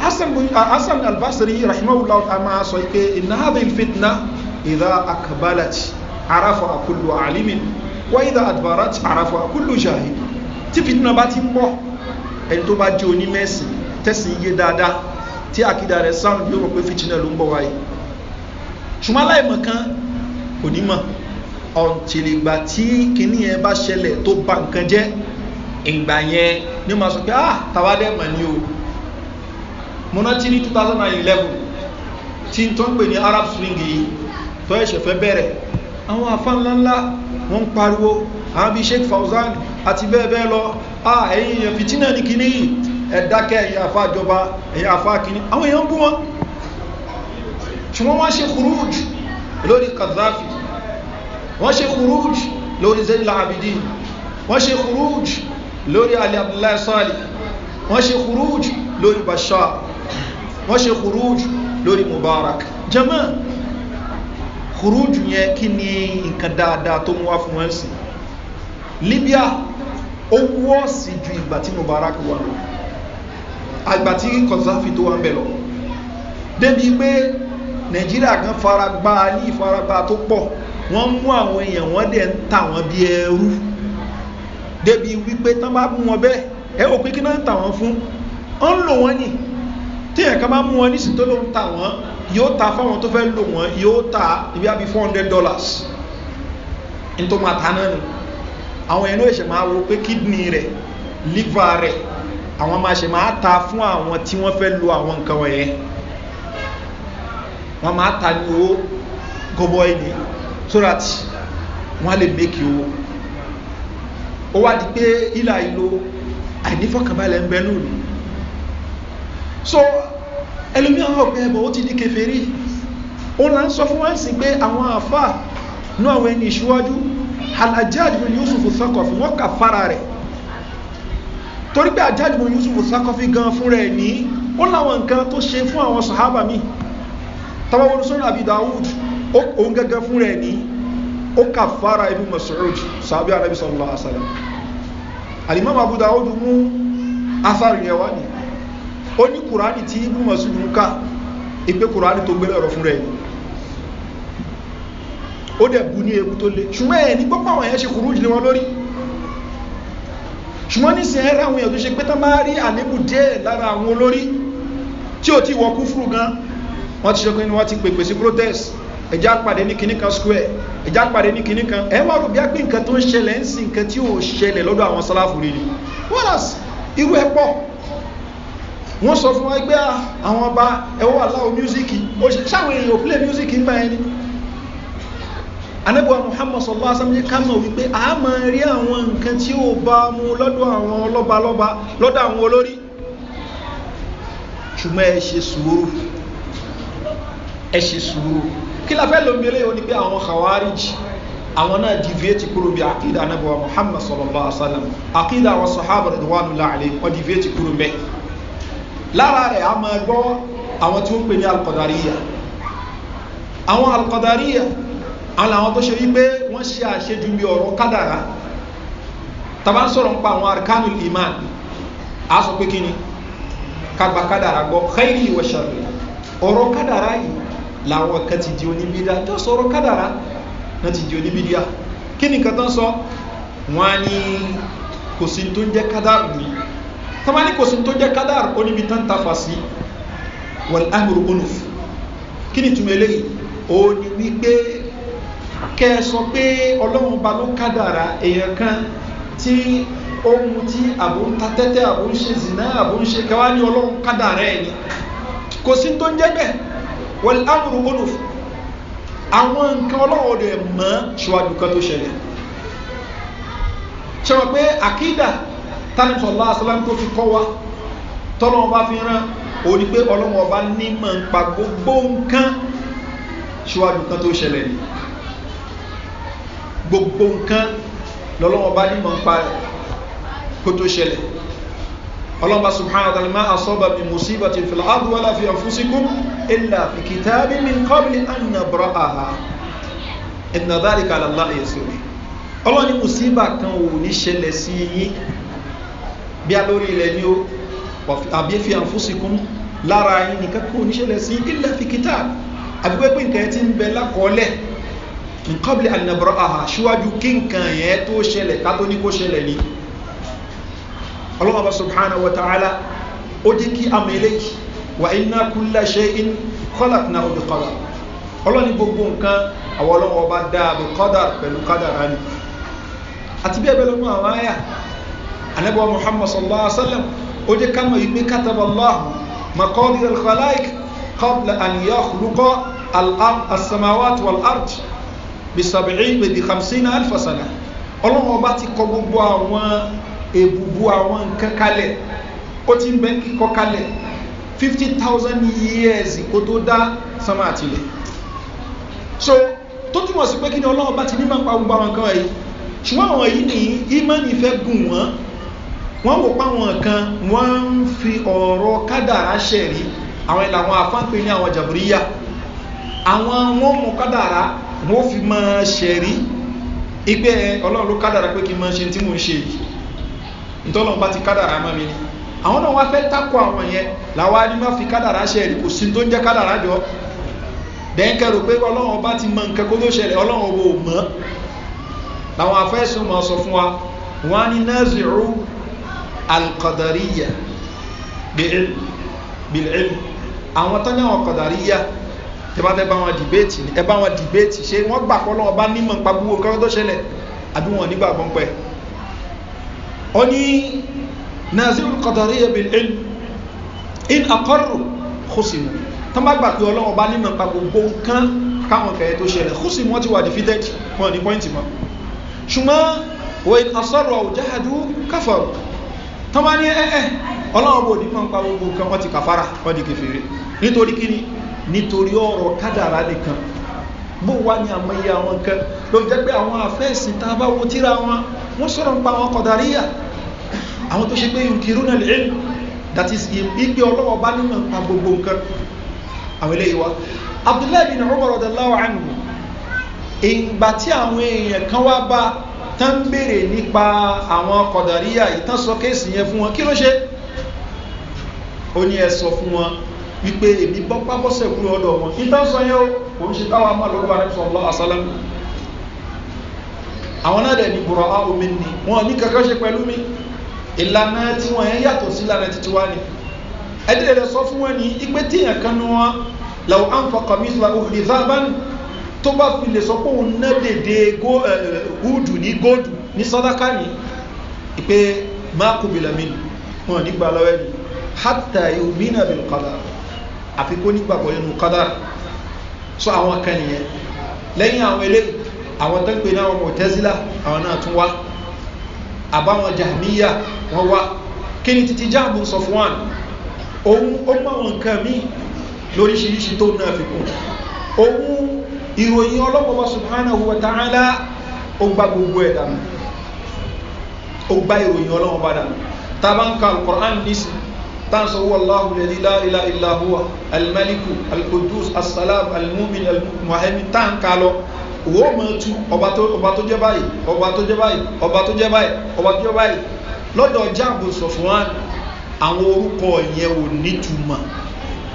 hassan uh, albasiri rahimahullah a máa sọ pé iná hadhihi fitna idha akbalat arafa kullu alimin wa idha adbarat arafa kullu jahil tí fitna bá ti ń bọ̀ ẹni tó bá jẹ́ onímẹ̀sìn tẹ̀sìn iye dáadáa tí àkídà rẹ̀ sound yóò rò pé fitna ló ń bọ̀ wáyé ṣùgbọ́n aláìmọ̀ kan kò ní mọ̀ ọ̀ntìlìgbà tí kìíní yẹn bá ṣẹlẹ̀ tó ba nǹkan jẹ́ ìgbà yẹn ni màá sọ pé ah tàwa dẹ́ mọ̀ ni o mo ni 2011 tí n tó ń pè ní arab spring yìí tó ẹ̀ṣẹ̀ fẹ́ bẹ̀rẹ̀ àwọn afá ńláńlá wọ́n ń pariwo àwọn bíi sheik fauzan àti bẹ́ẹ̀ bẹ́ẹ̀ lọ à ẹ̀yìn èèyàn fìtínà ní kìíní yìí ẹ̀dákẹ́ ẹ̀yìn afá ìjọba ẹ̀yìn afá kìíní àwọn èèyàn bú wọn ṣùgbọ́n wọ́n ṣe kùrúùj lórí kadhafi wọ́n ṣe kùrúùj lórí zayla abidin wọ́n ṣe kùrúùj lórí ali abdullahi sali wọ́n ṣe kùrúùj lórí bashar wọ́n ṣe khuruj lórí mubarak jẹ́mọ́ khuruj yẹn kí ni nǹkan dáadáa tó mú wá fún wọn sí libya ó wọ́ sí ju ìgbà tí mubarak wà lọ àgbà tí kọ̀sáfì tó wà ń bẹ̀ lọ débi pé nàìjíríà kan faragbá ní ìfaragbá tó pọ̀ wọ́n mú àwọn èèyàn wọ́n dẹ̀ ń tà wọ́n bí ẹrú débi wípé tán bá mú wọn bẹ́ẹ̀ ẹ ò pé kí náà ń tà wọ́n fún ọ́n lò wọ́n yìí tí ẹ̀ka bá mú wọn nísìn tó ló ń ta wọn yóò ta fáwọn tó fẹ́ lò wọn yóò ta ibi àbí four dollars ní tó máa ta náà nù àwọn ẹnu ẹ̀ṣẹ̀ máa wo pé kidney rẹ̀ liver rẹ̀ àwọn máa ṣe máa ta fún àwọn tí wọ́n fẹ́ lo àwọn nǹkan wọ̀nyẹn wọ́n máa ta ní owó gọbọ́ ẹni so that wọ́n lè make owó ó wá di pé ìlà ìlò àìnífọ̀kànbalẹ̀ ń bẹ lónìí so ẹlòmí àwọn ọ̀pẹ ẹbọ̀ ó ti di kẹfẹ́rí ó là ń sọ fún wáǹsì pé àwọn àfà ní àwọn ẹni ìṣíwájú alajaj bin yusuf sakọfi wọ́n kà fara rẹ̀ torí pé ajaj bin yusuf sakọfi gan fún rẹ̀ ní ó láwọn nǹkan tó ṣe fún àwọn sahaba mi tọ́wọ́wọ́n sọ́rọ̀ àbí dawood òun gẹ́gẹ́ fún rẹ̀ ní ó kà fara ibi masoud sàbí anabi sallallahu alaihi wasallam alimam abu dawood mú asarin yẹwa ó ní kùránì tí ibùn masudu ká ìpé kùránì tó gbélé ọ̀rọ̀ fún rẹ̀ ó dẹ̀ bu ní ewu tó le ṣùgbọ́n ẹ̀ ní pọ́pọ́ àwọn ẹ̀ṣẹ́ kùrú jù ní wọn lórí ṣùgbọ́n ní sin ẹ̀rọ àwọn èèyàn ṣe pé tán máa rí àlébù díẹ̀ lára àwọn olórí tí ò tí wọ́n kú fúrú gan wọ́n ti ṣọkùnrin wọ́n ti pèpè sí protest ẹ̀já pàdé ní kinní kan square ẹ̀já pàdé ní kinní kan ẹ̀ wá rò bí ápé nǹkan tó ń ṣẹlẹ̀ ń sin nǹkan tí ò ṣẹlẹ̀ lọ́dọ̀ àwọn sáláfù rí ni wọ́n rà irú ẹ̀ pọ̀ wọ́n sọ fún wa pé ah, àwọn ọba ẹwọ́ aláwọ̀ mìúsíkì sáwọn èèyàn òpílẹ̀ mìúsíkì ń bá ẹni anábọ̀ muhammad sọ̀lá asámúlé kámọ̀ wípé a máa rí àwọn nǹkan tí ó bá mú lọ́dọ̀ àwọn ọlọ́ba lọ́ba lọ́dọ̀ àwọn olórí ṣùgbọ́n ẹ ṣe sùúrù ẹ ṣe sùúrù kí la fẹ́ lómi eléyìí ó ní pé àwọn muhammad sọ̀lá asálàm àkídà àwọn sọ̀hábà rẹ̀ wà nù láàrin wọ́n deviate kúrò lára rẹ̀ a máa gbọ́ àwọn tí ó ń pè ní alkọ̀dáríyà àwọn alkọ̀dáríyà àwọn àwọn tó ṣe wípé wọ́n ṣe àṣejù bí ọ̀rọ̀ kádàrá tàbá ń sọ̀rọ̀ ń pa àwọn arkanu iman a sọ pé kíni kagbà kádàrá gbọ́ xeyìí ìwọ̀ ṣàrẹ̀ ọ̀rọ̀ kádàrá yìí làwọn kan ti di oníbídá tó sọ̀rọ̀ kádàrá náà ti di oníbídá kí ni nǹkan tán sọ wọn á kò sí tó ń jẹ́ kádàrá yìí tamali kò sí tó jẹ́ kádàr bitan tafasi tafa sí wọ́n kini onuf kí ni túnmọ̀ eléyìí ó ní wípé kẹ́ ẹ sọ pé ọlọ́run ba ló kádàrà èèyàn kan tí ó mu tí àbò ta tẹ́tẹ́ àbò ń ṣe zìnà àbò ń ṣe kẹwàá ní ọlọ́run kádàrà ẹ̀ ni kò sí tó ń jẹ́ bẹ́ẹ̀ wọ́n áhùrù onuf àwọn nǹkan ọlọ́run rẹ̀ pé àkídà tani sọlá asọlám tó fi kọ́ wa tọ́lọ́ ọba fi ràn ó ní pé ọlọ́wọ́ ọba ní mọ̀ ń pa gbogbo nǹkan ṣíwájú kan tó ṣẹlẹ̀ ni gbogbo nǹkan lọ́lọ́wọ́ ọba ní mọ̀ ń pa kó tó ṣẹlẹ̀ ọlọ́mọba subhanahu wa ta'ala ma asọ́ba mi musiba ti fìlà ádùn wàlá fi àfúsíkún ilà fi kìtàbí mi kọ́bìlì ànà bọ́rọ̀ àhà ìnàdàlì kàlàlá èso rẹ̀ ọlọ́ni musiba kan ò ní ṣẹlẹ̀ sí yín bí a lórí ilẹ̀ ni ó àbí fi hàn fún sikún lára yín nìkan kó oníṣẹ́lẹ̀ sí ilẹ̀ fi kíta àbígbẹ́ pé nǹkan ẹ ti ń bẹ lákọọ́lẹ̀ nǹkan bí alìnàbọ̀rọ̀ àhà síwájú kí nǹkan yẹn tó ṣẹlẹ̀ ká tó ní kó ṣẹlẹ̀ ni ọlọ́mọba subhanahu wa ta'ala ó dé kí àmì eléyìí wà iná kúlẹ̀ ṣe in kọ́làt náà ó bí ọlọ́ni gbogbo nǹkan àwọn ọlọ́mọba dáa bí kọ́dà pẹ̀lú kọ́dà rani àti bí ẹbẹ̀ lọ́mọ àwọn àyà anabiwa muhammad sallallahu alaihi wa sallam ó jẹ́ ká mọ̀ yìí pé kátàbà allah makọ́dí alkhalaik qabla an yakhluqa al-samawat wal-ard bi sab'i bi khamsina alfa sana ọlọ́run ọba ti kọ gbogbo àwọn èbùbù àwọn nǹkan kalẹ̀ ti ń bẹ́ kíkọ fifty thousand years kó tó dá sama àtìlẹ̀ so tó túmọ̀ sí pé kí ni ọlọ́run ọba ti ní máa ń pa gbogbo àwọn nǹkan wọ̀nyí ṣùgbọ́n àwọn yìí ní ìmánì fẹ́ gùn wọ́n wọ́n wò páwọn kan wọ́n ń fi ọ̀rọ̀ kádàrá ṣẹ̀rí àwọn ìlà àwọn afánpé ní àwọn jàbúríyà àwọn wọ́n mú kádàrá wọ́n fi mọ́ ṣẹ̀rí igbẹ́ ọlọ́run ló kádàrá pé kí n máa ṣe tí mò ń ṣe yìí ìtọ́lọ́run bá ti kádàrá mọ́ mi ni àwọn náà wá fẹ́ tako àwọn yẹn làwọn anímọ̀ fi kádàrá ṣẹ̀rí kò sí tó ń jẹ́ kádàrá jọ dẹ́ńkẹ́ rò pé ọlọ́run ọba ti mọ nǹkan kó tó ṣẹlẹ̀ ọlọ́run ò mọ́ làwọn afẹ́sùn mọ̀ sọ fún wa wọ́n á ní nẹ́ẹ̀sì rú alkọ̀dàríyà bìlẹ̀ẹ́lù àwọn tán ní àwọn kọ̀dàríyà tẹ bá fẹ́ bá wọn dìbéètì ní ẹ bá wọn dìbéètì ṣe wọ́n gbà pọ́ lọ́wọ́ bá nímọ̀ nípa gbogbo nǹkan tó ṣẹlẹ̀ àbí wọn nígbà kan pẹ́ ọ ní nazirul kọ̀dàríyà bìlẹ̀ẹ́lù in akọ́rù kùsìmù tán bá gbà pé ọlọ́wọ́ bá nímọ̀ nípa gbogbo nǹkan káwọn kẹ̀yẹ tó ṣẹlẹ̀ kùsìmù wọn ti wà defeated wọn ní pọ́ìntì mọ́ ṣùgbọ́n wọ́n asọ́rọ̀ àwùjáhàdú káfọ̀rọ̀ tán bá ní ẹ́ẹ̀ eh, eh, ọlọ́run bò ní mọ̀ nípa gbogbo nǹkan wọ́n ti kàfàrà wọ́n di kẹfẹ́rẹ́ nítorí kíni nítorí ọ̀rọ̀ kádàrá nìkan bó wá ní àmọ́yé àwọn nǹkan ló jẹ́ pé àwọn that is ìgbé ọlọ́wọ́ bá nínú nípa gbogbo nǹkan àwọn eléyìí wa bin umar ọ̀dọ̀láwà ànú ìgbà tí àwọn èèyàn tó ń béèrè nípa àwọn kọ̀dàríyà ìtànsọ kéèsì yẹn fún wọn kí ló ṣe ó ní ẹ sọ fún wọn wípé èmi bọ́ pábọ́sẹ̀ kúrò ọ̀dọ̀ wọn ìtànsọ yẹn ó ń ṣe táwa máa lọ́gbà rẹ̀ sọ̀rọ̀ àṣálẹ́mù àwọn náà dẹ̀ ní bùrọ̀ á omi ni wọn ní kankan ṣe pẹ̀lú mi ìlànà tí wọn yẹn yàtọ̀ sí ìlànà títí wá ni ẹ̀dẹ̀rẹ̀ sọ fún wọn ní ipé tíyàn kan ní wọn làwọn àǹfọ̀kọ̀ mi tó bá fi lè sọ pé òun ná dèdè húdù ní góòdù ní sọ́dáká ní ìpé mákùbìlàmínú wọn nígbà lọ́wẹ́ ni hátà ìhùmínà bìlù kádà àfikún nígbà pọ̀ nínú kádà àwọn kan nìyẹn lẹ́yìn àwọn ilé àwọn tó ń pè ní àwọn mọ̀tẹ́sílà àwọn náà tún wá àbáwọn jahmiya wọn wá kí ni títí jáàbù sọ fún wa òun ó mọ nǹkan míì lóríṣiríṣi tó náà fi kún òun ìròyìn ọlọ́pọ̀lọpọ̀ subhanahu wa ta'ala ó gba gbogbo ẹ̀ dànù ó gba ìròyìn ọlọ́wọ́n bá dànù tàbá ń ka alukur'an nísìn tánṣọ wọ aláhùn lẹ́lí láìlá ìlàhùwà alimẹ́líkù alkudus asalam alimumin almuhammed tá ń ka lọ owó mọ̀ tu ọba tó jẹ́ báyìí ọba tó jẹ́ báyìí ọba tó sọ̀fún àwọn orúkọ yẹn nítumọ̀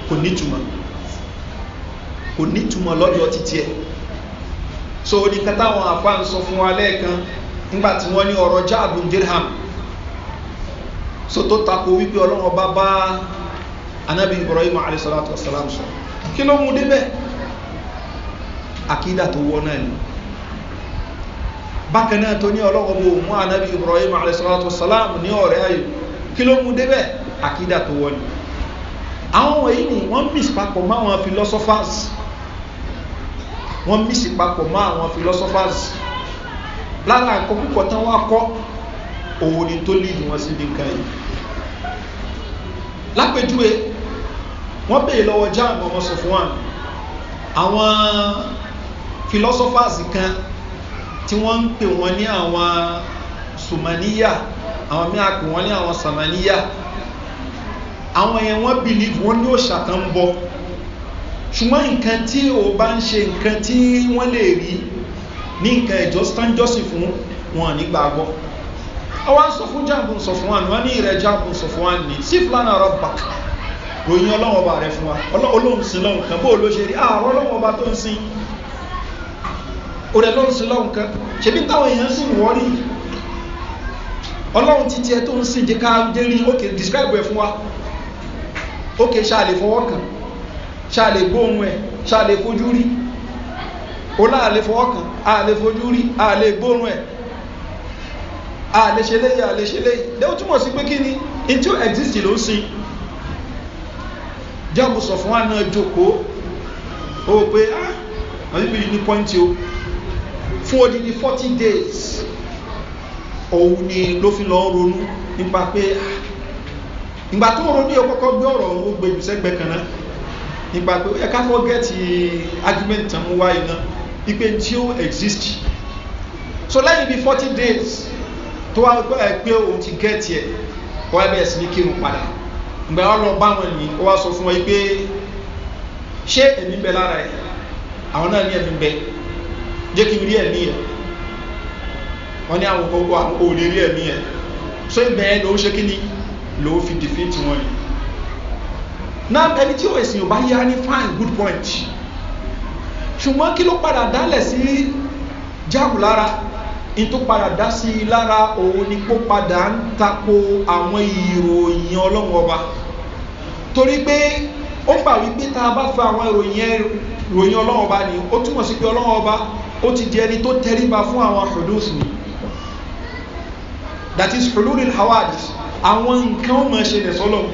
kò nítumọ̀ kò nítumọ̀ lọ́dọ̀ títí ẹ̀ so ní kẹtàwọn àpá ń sọ fún wa lẹ́ẹ̀kan nígbà tí wọ́n ní ọ̀rọ̀ jáàbù dirham so tó tako wípé ọlọ́wọ́ bá bá anabi ibrahim alayhisalatu wasalam sọ kí ló mú débẹ̀ akídà tó wọ́n náà ni bákan náà tó ní ọlọ́wọ́ bó mú anabi ibrahim alayhisalatu wasalam ní ọ̀rẹ́ ayò kí ló mú débẹ̀ akídà tó wọ́n ni àwọn wọ̀nyí ni wọ́n mìsí papọ̀ máwọn philosophers wọ́n mísì papọ̀ mọ́ àwọn philosophers lára nǹkan púpọ̀ tán wá kọ́ òun ni tó lè wọ́n sí ní nǹkan yìí lápèjúwe wọ́n bèè lọ́wọ́ jáàmù ọmọ sọfúnwàn àwọn philosophers kan tí wọ́n ń pè wọ́n ní àwọn sùmàníyà àwọn mí àpè wọ́n ní àwọn sàmàníyà àwọn yẹn wọ́n bìlíf wọ́n ní òṣà kan ń bọ́ ṣùgbọ́n nǹkan tí o bá ń ṣe nǹkan tí wọ́n lè rí ní nǹkan ẹ̀jọ́ stanjọ́sì fún wọn nígbà gbọ́ ọwọ́ ń sọ fún jáàbùn sọ fún wa ní wọ́n ní ìrẹ́ jáàbùn sọ fún wa ní sí fúlànà rọ́bà ròyìn ọlọ́wọ́ ọba rẹ̀ fún wa olóhùn sí lọ́hùn kan bó ló ṣe rí ah, describe ẹ fún wa ókè ṣáà ṣàlè gbóhun ẹ̀ ṣàlè fojú rí ó láàlè fọwọ́kàn àlè fojú rí àlè gbóhun ẹ̀ àlè ṣe léyìí àlè ṣe léyìí lẹ́wọ́n túmọ̀ sí pé kí ni into exist ló ń sin jọ́bù sọ fún wa náà jókòó ó pé ah àbí mi ní pọ́ǹtì o fún odidi forty days òun ni ló fi lọ ronú nípa pé ah, ìgbà tó ronú yóò kọ́kọ́ gbé ọ̀rọ̀ òun ó gbé jù sẹ́gbẹ̀ẹ́ kan náà nípa pé ó yẹ ká fọ́ gẹ́ẹ̀tì argument tán mú wá iná ipe tí ó exist so lẹ́yìn bíi forty days tó wá pé eh, òun ti gẹ́ẹ̀tì ẹ̀ wọ́n ẹ bẹ̀rẹ̀ sí ní kírun padà ìgbà wọn lọ bá wọn yìí ó wá sọ fún wọn pé ṣé ẹ̀mí bẹ lára ẹ̀ àwọn náà ní ẹ̀mí bẹ jẹ́ kí n rí ẹ̀mí ẹ̀ wọ́n ní àwọn gbogbo àwọn ò lè rí ẹ̀mí ẹ̀ so ìbẹ̀ẹ́ ló ń ṣe kí ni lòó fi defeat wọn yìí náà ẹni tí ó èsì ò bá yá ní fine good point ṣùgbọ́n kí ló padà dálẹ̀ sí jáàbù lára in tó padà dá sí i lára òun ni kó padà ń tako àwọn ìròyìn ọlọ́run ọba torí pé ó gbà wípé tá a bá fẹ́ àwọn ìròyìn ọlọ́run ọba ni ó túmọ̀ sí pé ọlọ́run ọba ó ti di ẹni tó tẹríba fún àwọn hudus ni that is hulul hawadis àwọn nǹkan ó mọ̀ ṣe nẹ̀sọ́lọ́run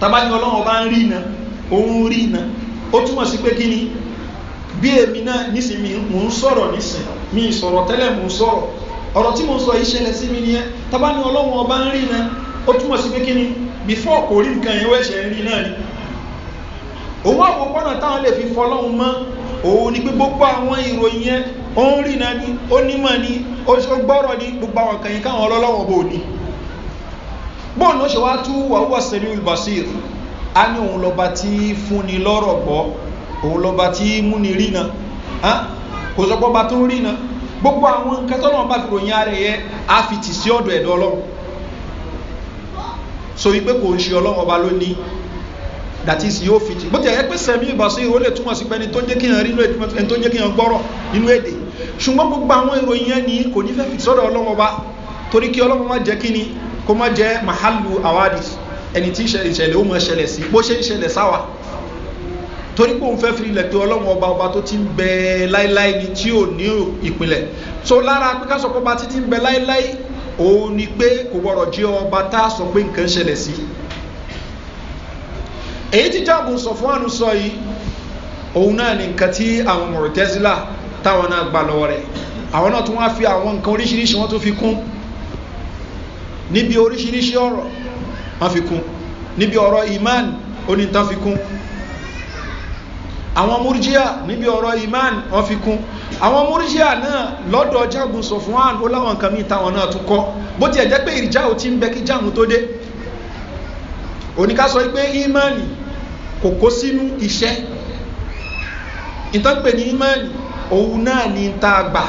tabani ọlọ́run ọba ń rí iná òun rí iná ó túmọ̀ sí pé kí ni bí èmi náà nísìnyí mò ń sọ̀rọ̀ nísìnyí mi sọ̀rọ̀ tẹ́lẹ̀ mò ń sọ̀rọ̀ ọ̀rọ̀ tí mò ń sọ yìí ṣẹlẹ̀ sí mi nìyẹn tabani ọlọ́run ọba ń rí iná ó túmọ̀ sí pé kí ni before kò rí nǹkan yẹn wẹ́ṣẹ̀ ń rí náà ni òun àwọn pọ́nà táwọn lè fi fọlọ́run mọ́ òun ni pé gbogbo àwọn ìròyìn yẹn ó ń rí bóun náà ṣe wá tú wàhùwà sẹ́ni olùbàṣir á ní òun lọ́ba tí fúnni lọ́rọ̀ gbọ́ òun lọ́ba tí múni rí na kò sọ́pọ̀ bá tó rí na gbogbo àwọn nǹkan tó náà bá fi ròyìn ara yẹ á fi tì sí ọ̀dọ̀ ẹ̀dọ́ ọlọ́run so wípé kò ń ṣe ọlọ́run ọba lónìí that is yóò fi tì bó ti ẹ̀ pé sẹ́mi ìbàṣir ó lè túmọ̀ sí pé ẹni tó jẹ́ kí hàn rí ẹni tó jẹ́ kí hàn gbọ́rọ̀ nínú èdè ṣùgbọ́n gbogbo àwọn ìròyìn yẹn ni kò ní fẹ́ fi sọ́dọ̀ ọlọ́run ọba torí kí ọlọ́run wá jẹ́ kí ni kó má jẹ́ mahalu awadi ẹni tí ìṣẹ̀lẹ̀ ó mọ̀ ṣẹlẹ̀ sí bó ṣe ń ṣẹlẹ̀ sáwà torí pé òun fẹ́ fi ilẹ̀ pé ọlọ́run ọba ọba tó ti ń bẹ láíláí ni tí ò ní ìpìlẹ̀ so lára pé ká sọ pé ọba ti ti ń bẹ láíláí òun ni pé kò gbọ́dọ̀ jẹ́ ọba tá a sọ pé nǹkan ṣẹlẹ̀ sí èyí tí jáàbù sọ fún àánú sọ yìí òun náà ni nǹkan tí àwọn mọ̀rọ̀tẹ́sílà táwọn náà gbà lọ́wọ́ rẹ̀ àwọn náà tún wá fi àwọn nǹkan oríṣiríṣi wọ́n tó fi kún níbi oríṣiríṣi ọ̀rọ̀ wọ́n fi kún níbi ọ̀rọ̀ iman onítàn fi kún àwọn múrjíà níbi ọ̀rọ̀ iman wọ́n fi kún àwọn múrjíà náà lọ́dọ̀ jágun sọ̀fún ó láwọn nǹkan míì táwọn náà tún kọ́ bó tiẹ̀ jẹ́ pé ìrìjà ò ti ń bẹ kí jágun tó dé oníkásọ pé imani kò kó sínú iṣẹ́ ìtọ́pẹ̀ ní imani òun náà ni ń ta àgbà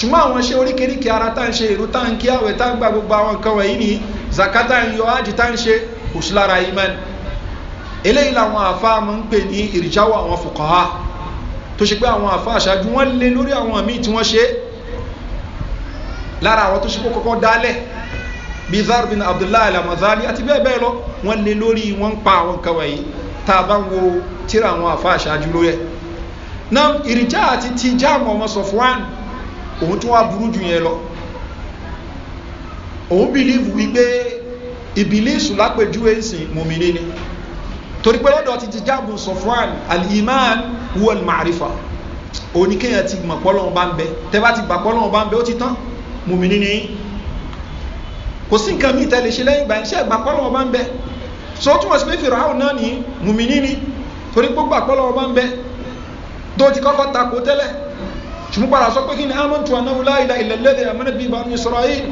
ṣùgbọ́n àwọn iṣẹ́ oríkèríkè ara tá ń ṣe ìrú tá ń kí àwẹ̀ tá ń gba gbogbo àwọn nǹkan wọ̀nyí ni zakata ń yọ ájì tá ń ṣe kò sí lára iman eléyìí làwọn àfáà mọ̀ ń pè ní ìrìjáwọ̀ àwọn fòkànhá tó ṣe pé àwọn àfáà ṣáájú wọ́n lé lórí àwọn míì tí wọ́n ṣe lára àwọn tó ṣe kó kọ́kọ́ dálẹ̀ bí zarbin abdullahi alamazali àti bẹ́ẹ̀ bẹ́ẹ̀ lọ wọ́n lé lórí wọ́n pa àwọn nǹkan wọ̀nyí tá a bá ń wo tíra àwọn àfáà ṣáájú lóyẹ náà ìrìjá àti tijá àwọn ọmọ sọfúnwánì òun tún wá burú jù yẹn lọ òun bìlíìfù wípé ìbìlíìsù lápèjúwe ìsìn mòmìnir ni torí pé lọ́dọ̀ ti ti jáàbù sọ̀fúnàn al-iman huwa al-ma'rifa oníkéyàn ti mọ̀ pọ́lọ́wọ́n bá ń bẹ tẹ́bá ti gbà pọ́lọ́wọ́n bá ń bẹ ó ti tán mòmìnir ni kò sí nǹkan míì tẹ́lẹ̀ lẹ́yìn ìgbà iṣẹ́ gbà pọ́lọ́wọ́n bá ń bẹ tí mo padà sọ pé kí ni amọ́ntu anáwọlá ilà ìlẹ̀lẹ́dẹ̀ amẹ́nẹ́bí ibà ní israel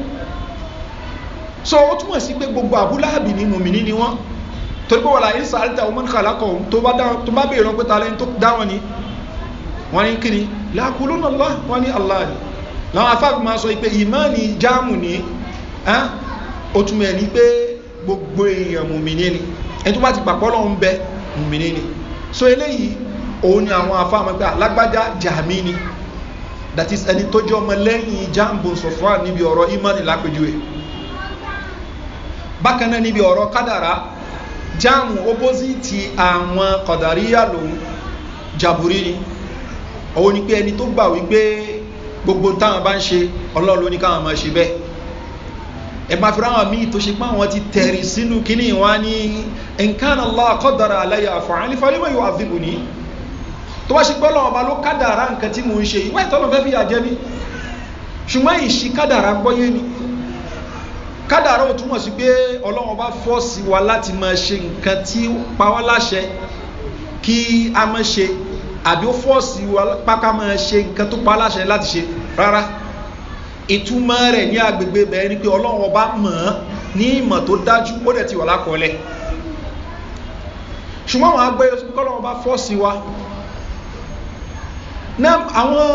so ó túmọ̀ sí pé gbogbo abúláàbì ní mòmìnì ni wọ́n torí pé wàlá ìsà àlítà ọmọ nìkan alákọ̀ tó bá bèèrè wọn pé ta lẹ́yìn tó dá wọn ni wọ́n ní kí ni lákùlù nàlá wọ́n ní aláàrí làwọn afáàbì máa sọ pé ìmáàní jáàmù ni ó túmọ̀ ní pé gbogbo èèyàn mòmìnì ni ẹni tó bá ti gbàpọ́ lọ́wọ́ ń bẹ mòmìnì ni so eléyìí òun ni àwọn afáàmọ́ pé alágbájá jàmí ni that is ẹni tó jẹ́ ọmọ lẹ́yìn jambo sọ̀fọ́n níbi ọ̀rọ̀ imani lápẹjúwe bákan náà níbi ọ̀rọ̀ kádàrá jáàmù opposite àwọn kọ̀dàríyà lòun jàbúrí ni òun ni pé ẹni tó gbà wípé gbogbo táwọn bá ń ṣe ọlọ́run ló ní káwọn máa ṣe bẹ́ẹ̀ ẹ máa fi ráwọn míì tó ṣe pé àwọn ti tẹ̀rì sínú kíní wọn ní nǹkan allah kọ́dàrá aláyà àfọ̀hánilífàlíwọ̀ yóò àfihàn ní tó bá ṣe pé ọlọ́run ọba ló kádàrá nǹkan tí mò ń ṣe ìwé ìtọ́lọ́ fẹ́ fìyà jẹ́ mi ṣùgbọ́n ìṣí kádàrá gbọ́yé ni kádàrá ò túmọ̀ sí pé ọlọ́run ọba fọ́ọ̀sì wa láti máa ṣe nǹkan tí pa wá láṣẹ kí a máa ṣe àbí ó fọ́ọ̀sì wa pápá máa ṣe nǹkan tó pa láṣẹ láti ṣe rárá ìtumọ̀ rẹ̀ ní agbègbè bẹ̀rẹ̀ ni pé ọlọ́run ọba mọ̀ ọ́ ní ìmọ̀ tó dájú ó dẹ̀ ti wà lákọọ́lẹ̀ ṣùgbọ́n àwọn agbẹ́yọ̀ kọ́lọ́run ọba fọ́ọ̀sì wa náà àwọn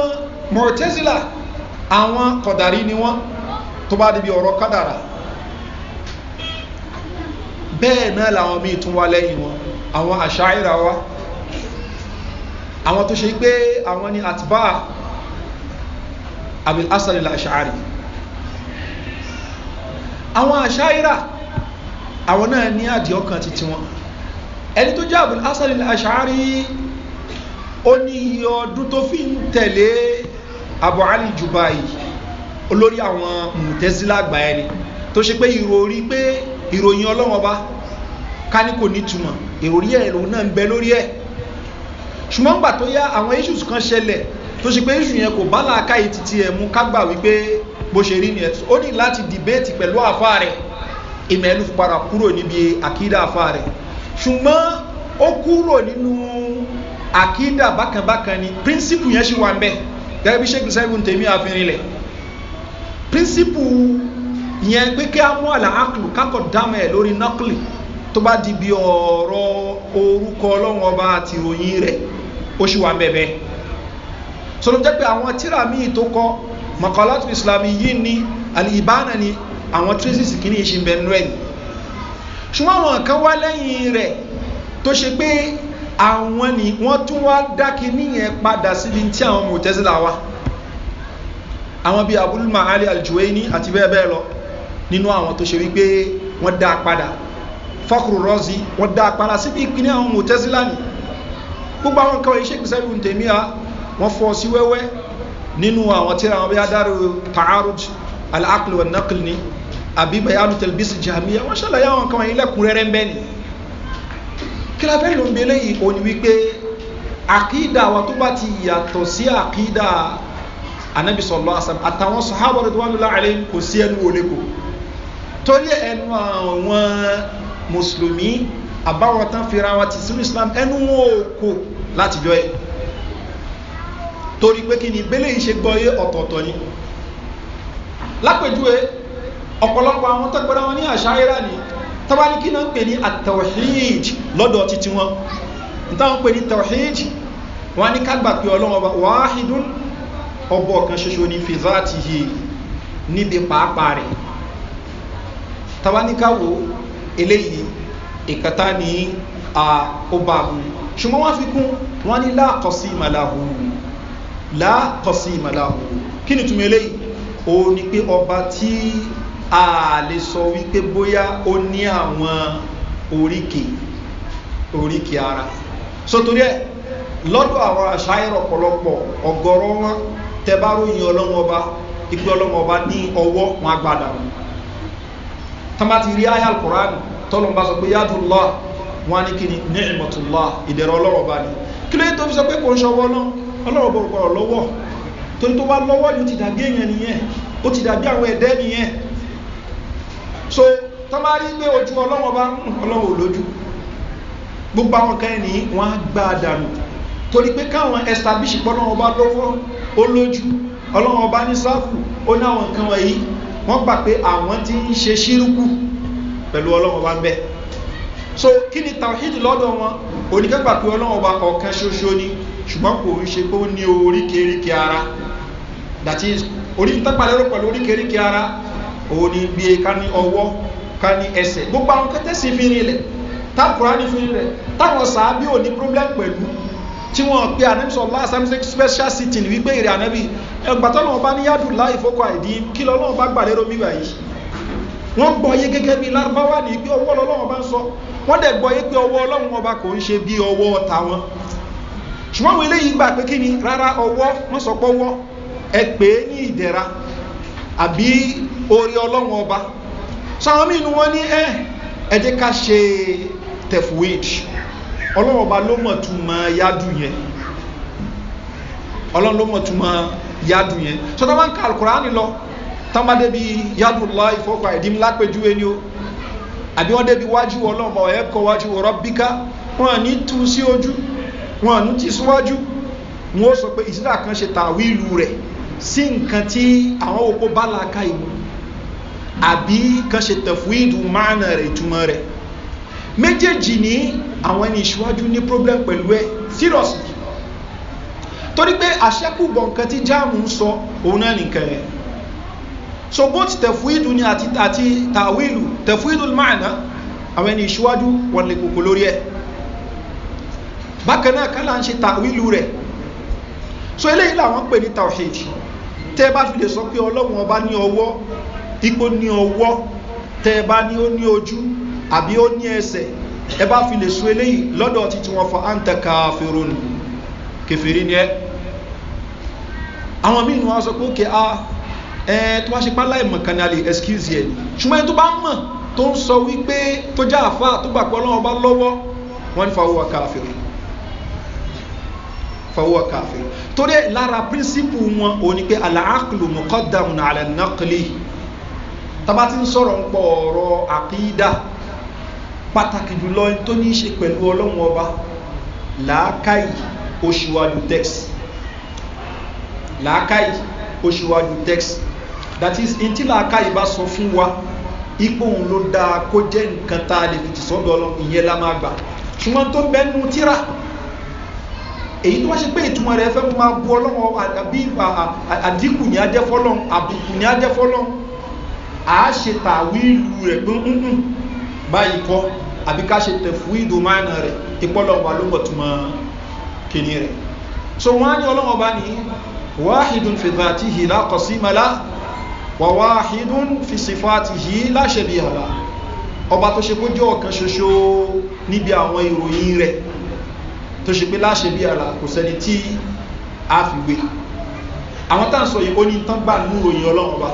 mọ̀tẹ́sílà àwọn kọ̀dàrí ni wọ́n tó bá débi ọ̀rọ̀ kádàrà bẹ́ẹ̀ náà làwọn míì tún wá lẹ́yìn wọn àwọn àṣàìrà wa àwọn tó ṣe pé àwọn ni àtibá àbí asàlẹ̀ àṣàárì àwọn àṣàìrà àwọn náà ní àdìọ́kan titi wọn ẹni tó jẹ́ àbí asàlẹ̀ àṣàárì ó ní iye ọdún tó fi ń tẹ̀lé abu ali jubai olórí àwọn mùtẹ́sílá àgbáyé ni tó ṣe pé ìròrí pé ìròyìn ọlọ́wọ́n bá ká ní kò ní túmọ̀ ìròrí ẹ̀ lòun náà ń bẹ lórí ẹ̀ ṣùgbọ́n gbà tó yá àwọn issues kan ṣẹlẹ̀ tó ṣe pé issue yẹn kò bá làákà yìí títí ẹ̀ mú kágbà wípé bó ṣe rí nìyẹn ó ní láti dìbéètì pẹ̀lú àfa rẹ̀ ìmọ̀ fipára kúrò níbi àkídà àfa rẹ̀ ṣùgbọ́n ó kúrò nínú àkídà bákanbákan ni píríncípù yẹn ṣì wà ń bẹ̀ gẹ́gẹ́ bí sẹ́kùn sẹ́kùn tèmi àfihàn ilẹ̀ píríncípù yẹn pé kí a mú àlà ákùlù kákọ̀ dámọ̀ ẹ̀ lórí nọ́kùlì tó bá di bí ọ̀rọ̀ orúkọ ọlọ́run ọba àti ìròyìn rẹ̀ ó ṣì wà ń bẹ̀ bẹ́ẹ̀ sọlọ́ jẹ́ pé àwọn tíra míì tó kọ́ mọ̀kànlátù ìsìlámì yìí ni alìbánà ni àwọn traces kìíní ìṣìnbẹ̀nú ẹ̀ ṣùgbọ́n àwọn kan wá lẹ́yìn rẹ̀ tó àwọn ni wọ́n tún wá dákì níyẹn padà síbi tí àwọn mọ̀tẹ́sílà wá àwọn bíi abúlùmọ̀ ali aljuwaini àti bẹ́ẹ̀ bẹ́ẹ̀ lọ nínú àwọn tó ṣe wípé wọ́n dá padà fọ́kùrù rọ́ọ̀sì wọ́n dá padà síbi ìpínlẹ̀ àwọn mọ̀tẹ́sílà ni gbogbo àwọn kan iṣẹ́ ìpínlẹ̀ ìlú tèmíà wọ́n fọ́ sí wẹ́wẹ́ nínú àwọn tíra àwọn bíi adarò taaruj alakul wa nakul ni àbí bayanu telbisi jamiya wọ́n ṣàlàyé àwọn kan ilẹ̀kùnrẹ́rẹ́ mbẹ́ni kíláfẹ́ ló ń belé yìí òun ni wípé àkídà wa tó bá ti yàtọ̀ sí àkídà anabi sọlọ asam àtàwọn sọhábà rẹ tó wà lọlá àlẹ kò sí ẹnu wọlé kò torí ẹnu àwọn mùsùlùmí àbáwọn tán fira wa ti sínú islam ẹnu wọn ò kò láti jọ ẹ torí pé kí ni bẹ́lẹ̀ yìí ṣe gbọ́ yé ọ̀tọ̀ọ̀tọ̀ ni lápèjúwe ọ̀pọ̀lọpọ̀ àwọn tẹ́gbẹ́ra wọn ní àṣà ìrà ni tàbí kí náà ń pè ní àtàwàhíj lọ́dọ̀ títí wọn ìtàwọn pè ní tàwàhíj wọ́n ní kágbà pé ọlọ́wọ́ wáhídún ọbọ̀ kan ṣoṣo ní fìzáàtì yìí níbi pàápàá rẹ̀ tàbí ní káwò eléyìí ìkàtà ní ọba àbúrú ṣùgbọ́n wọ́n fi kún wọ́n ní láàkọsí a lè sọ wípé bóyá ó ní àwọn oríkì oríkì ara so torí ẹ lọ́dọ̀ àwọn àṣàyẹ̀rọ̀ ọ̀pọ̀lọpọ̀ ọ̀gọ̀rọ̀ wọn tẹ́báròyìn ọlọ́wọ́n ọba ìpé ọlọ́wọ́n ọba ní ọwọ́ wọn agbada wọn tamati rí ayé alukóran tọ́lọ́n bá sọ pé yá dùn lọ́à wọn ní kíni ní ìmọ̀tòlá ìdẹ̀rọ̀ ọlọ́wọ́ ọba ni kí ló yẹ tó fi sọ pé kò ń ṣọwọ́ náà ọlọ́wọ́ bọ̀rọ̀ lọ́wọ́ torí tó bá lọ́wọ́ yóò ti dàbí èèyàn nìyẹn ó ti dàbí àwọn ẹ̀dẹ́ nìyẹn so tán bá rí pé ojú ọlọ́wọ́ bá ọlọ́wọ́ lójú gbogbo àwọn kan ní wọ́n á gbá a torí pé káwọn establish pọ́lọ́wọ́ bá lọ́wọ́ ó lójú ọlọ́wọ́ bá ní sáfù ó ní àwọn nǹkan wọ̀nyí wọ́n gbà pé àwọn ti ń ṣe ṣírùkù pẹ̀lú ọlọ́wọ́ bá ń bẹ́ẹ̀ so kí ni tawhid lọ́dọ̀ wọn oníkẹ́gbà pé ọlọ́wọ́ bá ọ̀kan ṣoṣo ni ṣùgbọ́n kò that is orí ìtàpàlẹ́rò pẹ̀lú oríkèéríkèé ara òun ni bí e ká ní ọwọ́ ká ní ẹsẹ̀ gbogbo àwọn kẹtẹ́sì fi rinlẹ̀ tákùránì fi rinlẹ̀ táwọn sàábí ò ní problem pẹ̀lú tí wọ́n pe anamsọ ọlá samson special sitting wípé ìrẹ̀ ànábì ẹgbàtọ́ náà bá ní yádùn láì fọ́kọ̀ àìdí kí lọ́lọ́run bá gbà lérò mìíràn yìí wọ́n gbọ́yé gẹ́gẹ́ bí lárúbáwá ní pé ọwọ́ ọlọ́run bá ń sọ wọ́n dẹ̀ gbọ́yé pé ọwọ́ ọlọ́run ọba kò ń ṣe bí ọwọ́ ọ̀tá wọn ṣùgbọ́n àwọn eléyìí gbà pé kí ni rárá ọwọ́ wọ́n sọ pọ́wọ́ ẹ pè é ní ìdẹ̀ra àbí orí ọlọ́run ọba sáwọn míì ni wọ́n ní ẹ ẹ jẹ́ ká ṣe tefwid ọlọ́run ọba ló mọ̀ tún mọ yádù yẹn ọlọ́run ló mọ̀ tún mọ yádù yẹn sọ tá bá ń ka alukurani lọ tá bá débi yádù lọ ìfọkà ìdí ńlá péjú ẹni o àbí wọ́n débi wájú ọlọ́run ọba ẹ̀kọ́ wájú ọ̀rọ̀ bíkà wọn ní tú sí ojú wọn ní tí síwájú wọn sọ pé ìsìlá kan ṣe tàwílù rẹ̀ sí nǹkan tí àwọn òpó bá làákà ìmú àbí kan ṣe tẹ̀fúìdù máàna rẹ̀ ìtumọ̀ rẹ̀ méjèèjì ní àwọn ẹni ìṣíwájú ní problem pẹ̀lú ẹ̀ seriously torí pé àṣẹ́kùbọ̀ nǹkan tí jáàmù ń sọ òun náà nìkan ẹ̀ so both tẹ̀fúìdù ni àti àti tàwílù tẹ̀fúìdù máàna àwọn ẹni ìṣíwájú wọn lè kòkò lórí ẹ̀ bákan náà kálá ń ṣe tàwílù rẹ̀ so eléyìí làwọn pè ní tàwíìdì tẹ́ bá fi lè sọ pé ọlọ́run ọba ní ọwọ́ ipò ní ọwọ́ tẹ ẹ bá ní ó ní ojú àbí ó ní ẹsẹ̀ ẹ bá fi lè so eléyìí lọ́dọ̀ títí wọn fa àǹtẹ̀ka fèrò nù kẹfìrí ni ẹ àwọn míì ni wọn sọ pé ó kẹ á tó wá excuse yẹ ṣùgbọ́n ẹni tó bá mọ̀ tó ń sọ wípé tó já àfa tó gbà pé ọlọ́run bá lọ́wọ́ wọn ní fàwọ́ káfíìrì fàwọ́ káfíìrì torí lára píríncípù wọn òní pé àlàákùlù mọ̀kọ́dàmù nà àlẹ́ tàbá ti ń sọ̀rọ̀ ń pọ̀ ọ̀rọ̀ àkídà pàtàkì jùlọ tó ní í ṣe pẹ̀lú ọlọ́run ọba làákàyè oṣùwàdù tex that is ntí làákàyè bá sọ fún wa ipò òun ló dáa kó jẹ́ nǹkan tá a lè fi tìsọ́dọ̀ ọlọ́run ìyẹn la máa gbà ṣùgbọ́n tó bẹ́nu tíra èyí tó wá ṣe pé ìtumọ̀ rẹ̀ fẹ́ máa bu ọlọ́run àdínkù ní ajẹ́fọ́lọ́run àbùkù ní ajẹ́fọ́lọ́run a ṣe tàwílù rẹ̀ pé nǹkan báyìí kọ́ àbí ká ṣe tẹ̀fú ìdòmánà rẹ̀ ìpọ́lọ̀ọba ló pọ̀ túnmọ̀ kìíní rẹ̀ so wọ́n á ní ọlọ́wọ́ bá ní wáhìdùn fìdàtì yìí lákọ̀ sí mẹ́lá wà wáhìdùn fìsìfàtì yìí láṣẹ bí àlá ọba tó ṣe kó ọ̀kan ṣoṣo níbi àwọn ìròyìn rẹ̀ tó ṣe pé láṣẹ bí àlá kò sẹ́ni tí a fi wé àwọn táà yìí ó ní tán gbà nínú ìròyìn ọlọ́wọ́ bá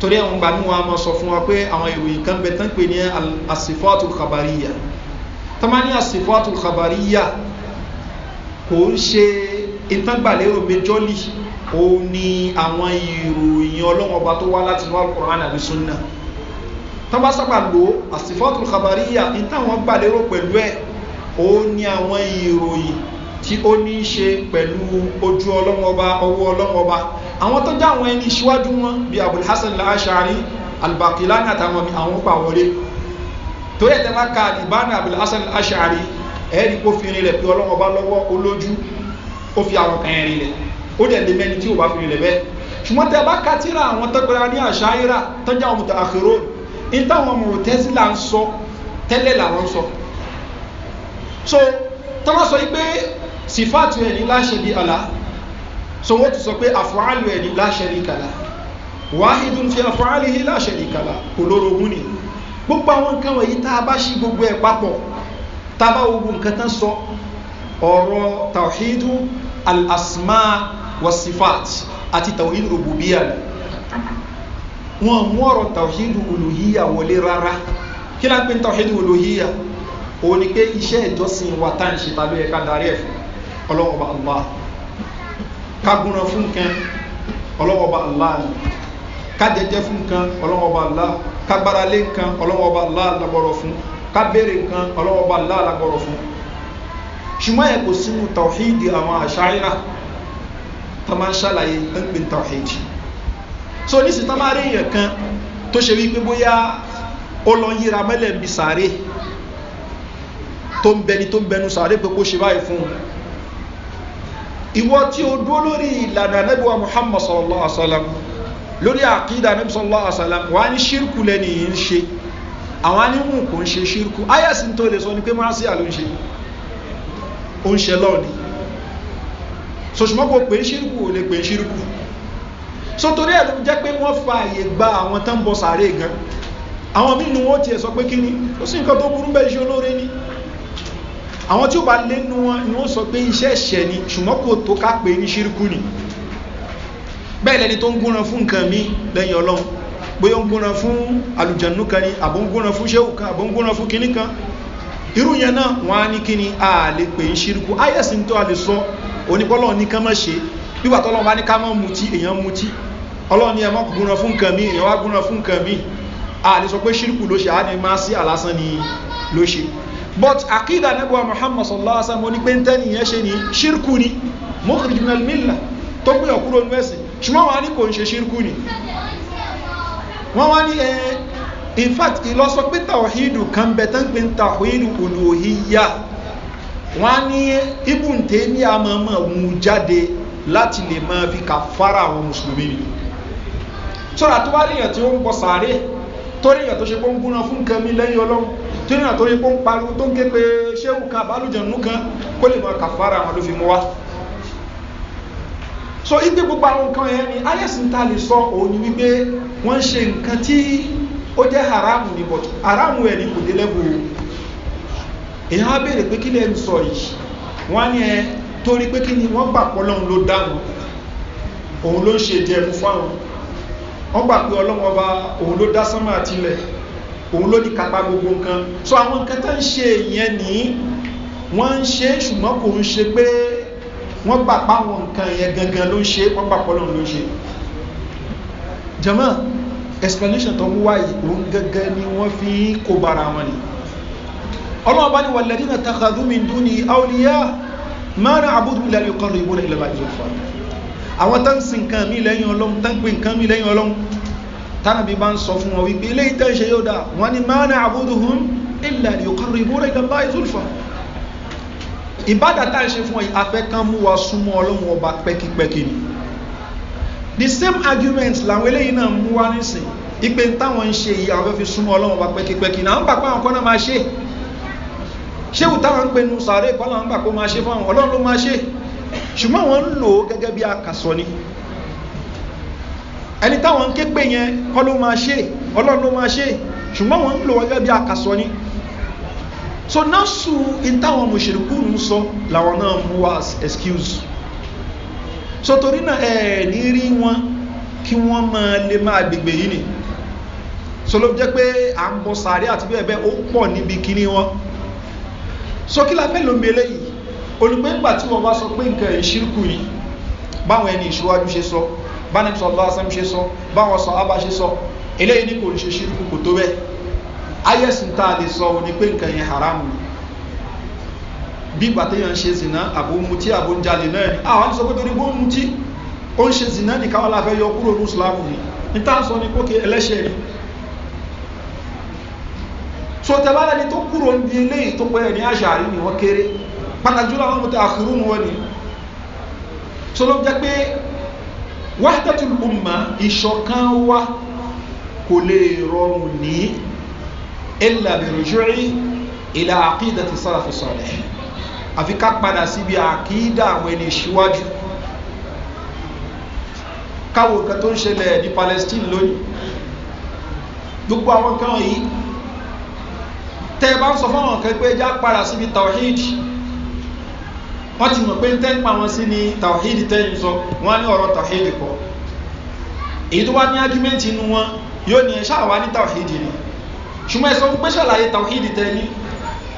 torí àwọn gbà ní wọn a máa sọ fún wa pé àwọn ìròyìn kan bẹ tán pè ní àsìfọ́tù kàbàríyà tọ́mọ́ ní àsìfọ́tù kàbàríyà kò ń ṣe ìtàngbàlérò méjọ́lì òun ni àwọn ìròyìn ọlọ́wọ́n ọba tó wá láti wá kọ̀ọ̀rán àbí súnà tọ́mọ́ sábà lò àsìfọ́tù kàbàríyà ìtàwọn gbàlérò pẹ̀lú ẹ̀ òun ni àwọn ìròyìn tí ó ní í ṣe pẹ̀lú ojú ọlọ́mọba ọwọ́ ọlọ́mọba àwọn tó já àwọn ẹni ìṣíwájú wọn bíi abdulhassan al-ashari albakilani àtàwọn àwọn pa wọlé torí ẹ̀ tẹ́ ka ìbánu abdulhassan al-ashari ẹ̀ẹ́dì kó fi rin rẹ̀ pé ọlọ́mọba lọ́wọ́ olójú ó fi àwọn kan rin rẹ̀ ó dẹ̀ lé mẹ́ni tí ò bá fi rin rẹ̀ bẹ́ẹ̀ ṣùgbọ́n tẹ́ bá ka tíra àwọn tọ́gbẹ́ra ní àṣáyíra tọ́jà àwọn mùtà àkèrò ní ń sọ tẹ́lẹ̀ làwọn sọ so tọ́lá sọ yìí pé sífàtù ẹni láṣẹ bí àlá so wọ́n ti sọ pé àfọ́álù ẹni láṣẹ rí kàlá wáhídùn fi àfọ́álù yìí láṣẹ rí kàlá kò lórogún ni gbogbo àwọn nǹkan wọ̀nyí tá a bá ṣí gbogbo ẹ̀ papọ̀ tá a bá gbogbo nǹkan tán sọ ọ̀rọ̀ tàwíìdù al-asma wa sifat àti tàwíìdù rububiya wọn mú ọ̀rọ̀ tàwíìdù olùhíyà wọlé rárá kí lápẹ́ tàwíìdù olùhíyà òun ni pé iṣẹ́ ìjọsìn wa tá à ń ṣe tàbí ẹ̀ka darí ẹ̀fọ́ ọlọ́wọ́ba allah kagunra fún kan ọlọ́wọ́ba allah kájẹjẹ fún kan ọlọ́wọ́ba allah kagbarale kan ọlọ́wọ́ba allah labọ̀rọ̀ fún kábèrè kan ọlọ́wọ́ba allah labọ̀rọ̀ fún ṣùgbọ́n ẹ̀ kò sínú tàwíìdì àwọn àṣáyíra tó máa ń ṣàlàyé ń pè tàwíìdì so ní sìtá máa rí èèyàn kan tó ṣe wípé bóyá ó lọ yíra mẹ́lẹ̀ ń sàárè tó ń bẹni tó ń bẹnu sàárè pé kó ṣe báyìí fún un ìwọ tí o dúró lórí ìlànà anábíwá muhammad sallallahu alaihi wasallam lórí àkídà anábí sallallahu alaihi wasallam wà ní ṣírkù lẹ́ni yìí ń ṣe àwọn anímù kò ń ṣe ṣírkù ayẹ́sìn tó lè sọ ni pé máa sí àló ó ń ṣe lọ́ọ̀ni sọ̀ṣùmọ́pọ̀ pé ṣírkù ò lè pè ṣírkù so torí ẹ̀ ló jẹ́ pé wọ́n fa àyè gba àwọn tán bọ sàárè gan àwọn mínú wọn tiẹ̀ sọ pé kí ó sì nǹkan tó burú bẹ́ẹ̀ ṣe olóore ni àwọn tí ó bá lẹ́nu wọn ni wọ́n sọ pé iṣẹ́ ẹ̀ṣẹ̀ ni ṣùgbọ́n kò tó ká pé ní ṣírkù ni bẹ́ẹ̀ lẹni tó ń gúnran fún nǹkan mi lẹ́yìn ọlọ́run bóyá ń gúnran fún àlùjànú kan ni àbó ń gúnran fún ṣéwù kan àbó ń fún kinní kan irú yẹn náà wọ́n á ní kí ni a lè pè ń ṣírkù ayẹ̀sì tó a lè sọ onípọ́lọ́ ní ká má ṣe bíbà tọ́lọ́ wá ní ká má mutí èèyàn ṣírkù but akida nebuwa muhammad sallallahu alaihi wasallam oní pé ń tẹ́ni yẹn ṣe ní ṣírkù ni mọ́kànlélọ́gbọ̀n mílà tó pín ọ̀kúrò ní ẹ̀sìn ṣùgbọ́n wọn ní kò ń ṣe ṣírkù ni wọ́n wá ní ẹ in fact ìlọsọ pé tàwíìdù kan bẹ tán pé ń tàwíìdù olùhíyà wọ́n ní ibùntẹ́ ní àmọ́mọ́ mú jáde láti lè máa fi kàfàrà àwọn mùsùlùmí ni sọ́ra tó wá níyàn tí ó ń bọ sàárè tó níyàn tó ṣe pé fún nǹkan lẹ́yìn ọlọ́run tínà tó yí pó ń pariwo tó ń ké pé ṣéwù kan àbálùjọ̀nù kó lè kàfàrà mú so ipe gbogbo àwọn nǹkan yẹn ni ayẹ̀sìn sọ òun ni wípé wọ́n ṣe nǹkan tí ó jẹ́ haramu ni but haramu ẹ̀ ni kò dé lẹ́bù èèyàn á béèrè pé kí sọ yìí wọ́n ní ẹ torí pé kí ni wọ́n gbà pọ́ lọ́hun ló dáhùn òun ló ń òun ló ní kápá gbogbo nǹkan so àwọn nǹkan tó ń ṣe ìyẹn ní wọ́n ń ṣe ṣùgbọ́n kò ń ṣe pé wọ́n gbà páwọn nǹkan yẹn gangan ló ń ṣe wọ́n gbà pọ́lọ́n ló ń ṣe jẹ́mọ́ explanation tó ń wáyé òun gangan ni wọ́n fi kó bara wọn ni ọlọ́run bá ní wà lẹ́dí náà takadú mi dún ní àwòlíyá mẹ́rin àbúrò ilẹ̀ ayọ̀kọ́ rẹ̀ ìbúrò ilẹ̀ bàjẹ́ fún wa àwọn tá ń nǹkan mi lẹ́yìn ọlọ́run tá ń nǹkan mi lẹ́yìn ọlọ́run tánàbí bá ń sọ fún wọn wípé ilé ìtẹ́ ṣe yóò dá wọn ni máa na àbúdùhún ilẹ̀ ìkọrù ìbúrẹ́ ìdàlá ìzúlfà ìbádàtà ṣe fún afẹ́ kan mú wa súnmọ́ ọlọ́run ọba pẹ́kípẹ́kí ni the same argument làwọn eléyìí náà mú wá nísìn ipe táwọn ń ṣe ìyá ọ̀fẹ́ fi súnmọ́ ọlọ́run ọba pẹ́kípẹ́kí náà ń bà pé àwọn kan náà máa ṣe ṣéwù táwọn ń pinnu sàárè kọ́ làwọn ń máa ṣe fún àwọn ọlọ́run ló máa ṣe ṣùgbọ́n wọ́n ń lò ó gẹ́gẹ́ bí akasọ ni ẹni táwọn ń ké pé yẹn kọ́ ló máa ṣe ọlọ́run ló máa ṣe ṣùgbọ́n wọ́n ń lò wọ́n gẹ́gẹ́ bí àkàsọ ni so nọ́ọ̀sù ìtàwọn mùsùlùkù ń sọ làwọn náà mú wá excuse so torí náà ẹ̀ ní rí wọn kí wọ́n máa lè máa gbègbè yìí ni so ló jẹ́ pé à ń bọ sàárẹ̀ àti bẹ́ẹ̀ bẹ́ẹ̀ ó pọ̀ níbi kíní wọn so kí la fẹ́ ló ń bẹ lẹ́yìn olùgbé ńgbà tí wọ́n bá sọ pé nǹkan ìṣírkù yìí báwọn ẹni ìṣíwájú ṣe sọ so bánibí sọ lọ́wọ́ sẹ́mi ṣe sọ báwọn sọ ábà ṣe sọ eléyìí ní kò ṣe ṣírùkù kò tó bẹ́ẹ̀ ayẹ́sìn tá a lè sọ ò ní pé nǹkan yẹn haram ni bí gbàtẹ́yàn ṣe zìnà àbómutí àbójalè náà ni àwọn sọ pé torí bómutí ó ń ṣe zìnà ní káwọn láfẹ́ yọ kúrò ní islam ni ní tá à ń sọ ní kókè ẹlẹ́ṣẹ̀ rí sọtẹ́lára ni tó kúrò ń di eléyìí tó pẹ́ ní àṣàrí ni wọ́n kéré pàtàkì jùlọ àwọn mọ̀tẹ́ àkúrú wọn ni sọlọ́ jẹ́ pé wahdatul umma ìṣọ̀kan wa kò lè rọrùn ní illa bi rujui ila aqidati salafi salih àfi ká padà síbi àkídà àwọn ẹni ìṣíwájú káwo nǹkan tó ń ṣẹlẹ̀ ní palestine lónìí gbogbo àwọn nǹkan yìí tẹ́ bá ń sọ fún àwọn nǹkan pé já padà síbi tawhid wọ́n ti mọ̀ pé ń tẹ́ǹpa wọn sí ni tàwíìdì tẹ́yìn sọ wọ́n ní ọ̀rọ̀ tàwíìdì kọ́ èyí tó wá ní ágímẹ́ǹtì inú wọn yóò ní ẹ̀ṣá wa ní tàwíìdì ni ṣùgbọ́n ẹ̀sọ́ pé ṣàlàyé tàwíìdì tẹ́ni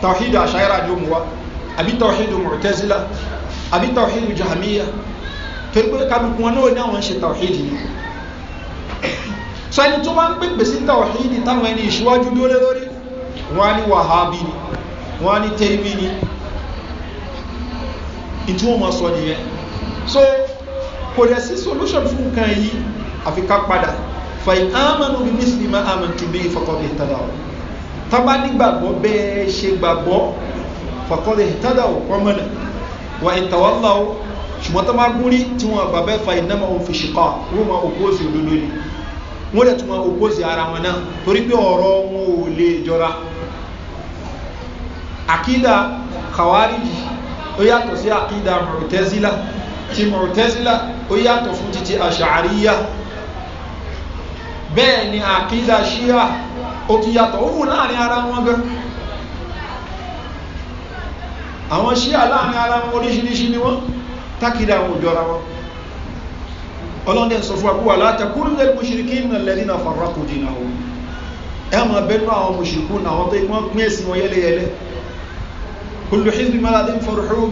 tàwíìdì àṣàyàrà ni ó mú wa àbí tàwíìdì mọ̀tẹ́sílà àbí tàwíìdì jahamiya torí ni sọ ẹni tó bá ń pèpè sí tàwíìdì táwọn ẹni ìṣíwájú dúró lórí wọn ìtí wọ́n mọ̀ sọ nìyẹn so kò dẹ̀ sí solution fún nǹkan yìí àfi ká padà fàyí ámànù bí mísìlì máa àmàntù bí ìfọkọ̀dé ìtàdáwò tábà nígbàgbọ́ bẹ́ẹ̀ ṣe gbàgbọ́ fọkọ̀dé ìtàdáwò ọmọnà wà ìtàwọ́láwò ṣùgbọ́n tó máa gúnrí tí wọ́n bàbẹ́ fàyí náà máa fi ṣìkọ́ wọ́n máa ògbóòsì òdodo ni wọ́n dẹ̀ tún máa ògbóòsì ara wọn náà torí pé ọ̀rọ̀ wọn ò lè jọra àkídà kàwárí yìí ó yàtọ̀ sí àkídà mọ̀rọ̀tẹ́sílá ti mọ̀rọ̀tẹ́sílá ó yàtọ̀ fún títí àṣàríyá bẹ́ẹ̀ ni àkídà ṣíà ó tún yàtọ̀ ó wù láàrin ara wọn gan àwọn ṣíà láàrin ara wọn oríṣiríṣi ni wọ́n tákìdá àwọn òjọra wọn ọlọ́dẹ̀ sọ fún àkúwà látàkùrù lẹ́nu mùsùlùmí náà lẹ́dínà farakùdì náà ẹ mọ̀ bẹ́ẹ̀ náà àwọn mùsùlùmí náà tó ikú wọn pín ẹ̀sìn wọn yẹ́lẹ́yẹ́lẹ́ kòlù hizbi mọ́ládé ń fọ̀rọ̀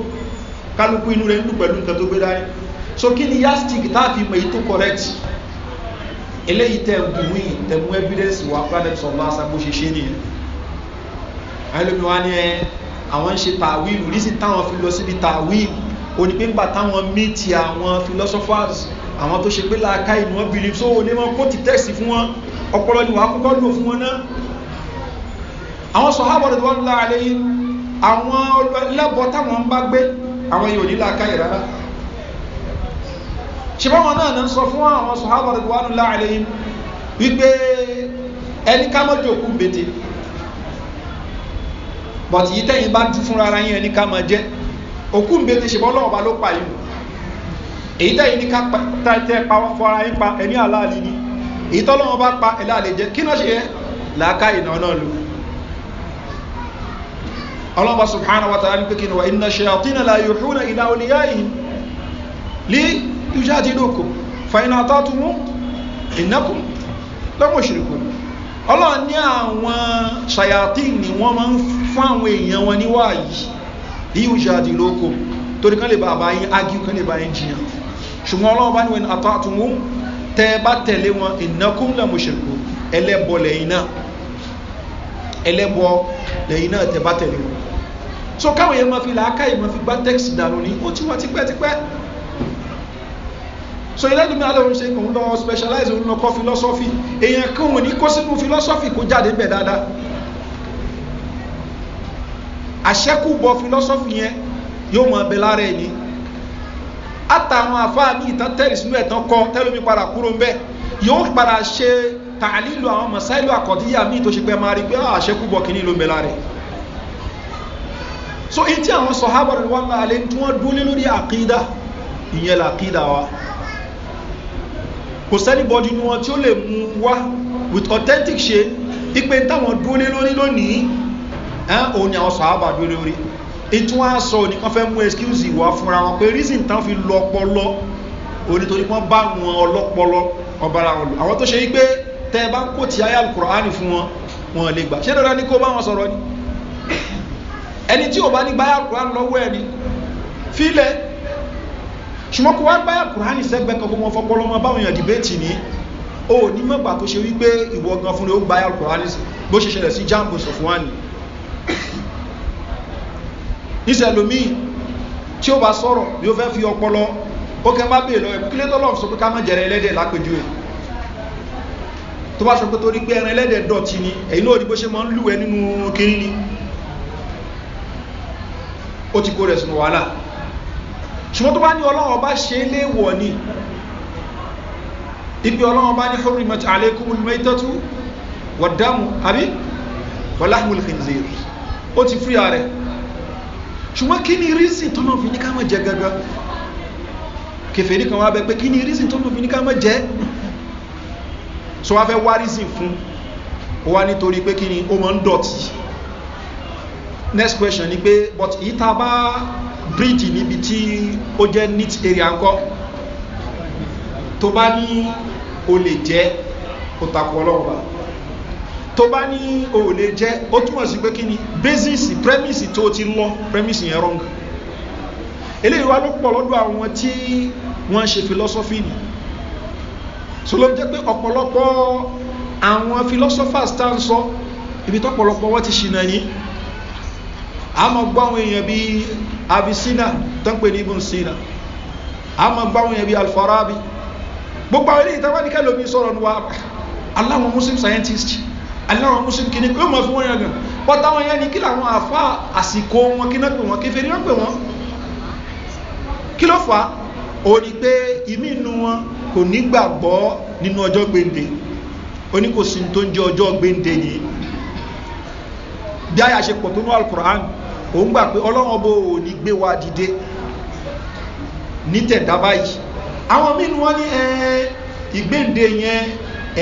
kálukú inú rẹ̀ ń dùn pẹ̀lú nǹkan tó so kí ni yastik táàfin mọ̀ èyí tó correct eléyìí tẹ̀ ń bùnú yìí tẹ̀ mú evidence wà planet sọ̀rọ̀ lásà bó ṣe ṣe nìyẹn ẹlòmíwá ni ẹ àwọn ń ṣe tàwíìlù rísì táwọn fi lọ síbi tàwíìlù òní pé ńgbà táwọn míìtì àwọn philosophers àwọn tó ṣe pé láàká ìlú wọn believe so òní wọn kó ti tẹ́sì fún wọn ọpọlọ ni wàá kọ́kọ́ lò fún wọn náà àwọn sọ̀hábọ̀ rẹ̀ wọ́n àwọn lẹ́bọ táwọn ń bá gbé àwọn yóò nílá káyì rárá ṣìbáwọn náà ń sọ fún àwọn sọ̀hábà rẹ̀ wà nílá àlẹ́yìn wípé ẹni ká mọ́jọ òkú bètè bọ̀tí yìí tẹ́yìn bá dú fún rárá yín ẹni ká mọ́ jẹ́ òkú bètè ṣìbọ́ lọ́wọ́ bá ló pa yìí èyí tẹ́yìn ní ká tẹ́ pa fọ́ra yín pa ẹni àláàlì ni èyí tọ́lọ́wọ́ bá pa ẹ̀láàlì jẹ́ kí náà ṣe yẹ làákàyè náà náà lò ọlọ́ba subhanahu wa ta'ala ní pé kí ni wà iná ṣe àtínà láyé òhúnà ìlà olíyá yìí lé iṣẹ́ àti ìdókò fàyínà àtàtùmú ìnákùn lọ́mọ̀ òṣèrèkò ọlọ́run ní àwọn ṣayatín ni wọ́n máa ń fún àwọn èèyàn wọn ní wáyìí lé iṣẹ́ àti ìdókò torí kan lẹ́yìn náà ẹlẹ́bọ so káwọn yẹn máa fi làákàyè máa fi gbá tẹ́kisì dànù ní ó ti wọ́n tipẹ́tipẹ́ so ilé ìdúmí alẹ́ òun ṣe òun lọ specialize òun lọ kọ́ philosophy èèyàn kan òun ní kó sínú philosophy kó jáde bẹ̀ dáadáa àṣẹ́kùbọ̀ philosophy yẹn yóò mọ abẹ lára ẹ̀ ní àtàwọn àfáà ní ìtàn tẹ́rì sínú ẹ̀tàn kọ tẹ́lómi padà kúrò ń bẹ́ yóò padà ṣe tàlílù àwọn mọ̀sáìlú àkọ́díyà tó ṣe pẹ́ máa rí pé ah, àṣẹ́kùbọ̀ kìíní ló ń bẹ lára ẹ̀ so in tí àwọn sọ̀hábà rẹ̀ náà alẹ́ tí wọ́n dúlé lórí àkídá ìyẹn làkídá wa kò sẹ́ni bọ́dí ni wọ́n tí ó lè mú wá with authentic ṣe ipe táwọn dúlé lórí lónìí ẹ́ òun ni àwọn sọ̀hábà dúlé lórí ìtún á sọ ní wọ́n fẹ́ mú excuse ìwà fúnra wọn pé reason tán fi lọ ọpọlọ onítorí wọ́n bá wọn ọlọ́pọlọ ọbara wọn àwọn tó ṣe yí pé bá ń kó ti ayé alukùrọ̀ á nì fún wọn wọn lè gbà ṣé dandan ní kó bá wọn sọ̀rọ̀ ni ẹni tí o bá ní gbáyà kúránì lọ́wọ́ ẹni fílẹ̀ ṣùgbọ́n kó wá gbáyà kúránì sẹ́gbẹ́ kan kó mọ fọpọlọ́ mọ báwọn èèyàn dìbẹ́tì ní o ní mọ̀gbà tó ṣe wípé ìwọ gan fúnra ó gbáyà kúránì bó ṣe ṣẹlẹ̀ sí jambo sọfúnwánì níṣẹ́lómi tí ó bá sọ̀rọ̀ ni ó fẹ́ fi ọpọlọ ó kẹ́ bá bèèrè lọ́wọ́ kílé tọ́lọ́ sọ pé ká má jẹrẹ ẹlẹ́dẹ̀ lápẹjú ẹ̀ tó bá sọ pé torí pé ẹran ẹlẹ́dẹ̀ dọ̀tí ni ẹ̀yìn náà rí ṣe máa ń lù nínú kiri ni ó ti kó rẹ̀ sínú wàhálà ṣùgbọ́n tó bá ní ọlọ́run ọba ṣe é léèwọ̀ ni ibi ọlọ́run ọba ní hórí mẹ́ta àlékún mẹ́tẹ́tù wọ̀dámù àbí wọláhùn ìfìnzèrè ó ti fúyà rẹ̀ ṣùgbọ́n kí ni rísìn tọ́nà fi ní ká mọ̀ jẹ gẹ́gẹ́ kẹfẹ́ ní kan wá bẹ pé kí ni next question ni pé but ìta bá bíríìjì níbi tí ó jẹ́ neat area ńkọ́ tó bá ní o lè jẹ́ o tako ọlọ́run tó bá ní o lè jẹ́ ó túmọ̀ sí pé kí ni basis premise tó ti lọ premise yẹn wrong eléyìí wá ló pọ̀ lọ́dọ̀ àwọn tí wọ́n ṣe philosophy ni so ló jẹ́ pé ọ̀pọ̀lọpọ̀ àwọn philosophers tá ń sọ ibi tọ́pọ̀lọpọ̀ wọ́n ti ṣìnà yìí a mọ̀ gbọ́ àwọn èèyàn bí abisina tó ní ibùn sina a mọ̀ gbọ́ àwọn èèyàn bí alfarabi gbogbo àwọn eléyìí táwọn nìkan lómi sọ̀rọ̀ ní wa aláwọn muslim scientist aláwọn muslim kìíní yóò mọ̀ fún wọn yàn gan pọ́tà wọn yẹn ni kí làwọn àfa àsìkò wọn kí náà pè wọn kí fèrè wọn pè wọn kí ló fà á ó ní pé ìmí inú wọn kò nígbàgbọ́ nínú ọjọ́ gbèǹde ó ní kò sí tó ń jẹ ọjọ́ gbèǹde yìí bí a yà ṣe pọ̀ tó ní alukur'an ò ń gbà pé ọlọ́run ọbọ̀ ò ní gbé wa dìde ní tẹ̀dá báyìí àwọn mínú wọn ní ẹ ìgbéǹde yẹn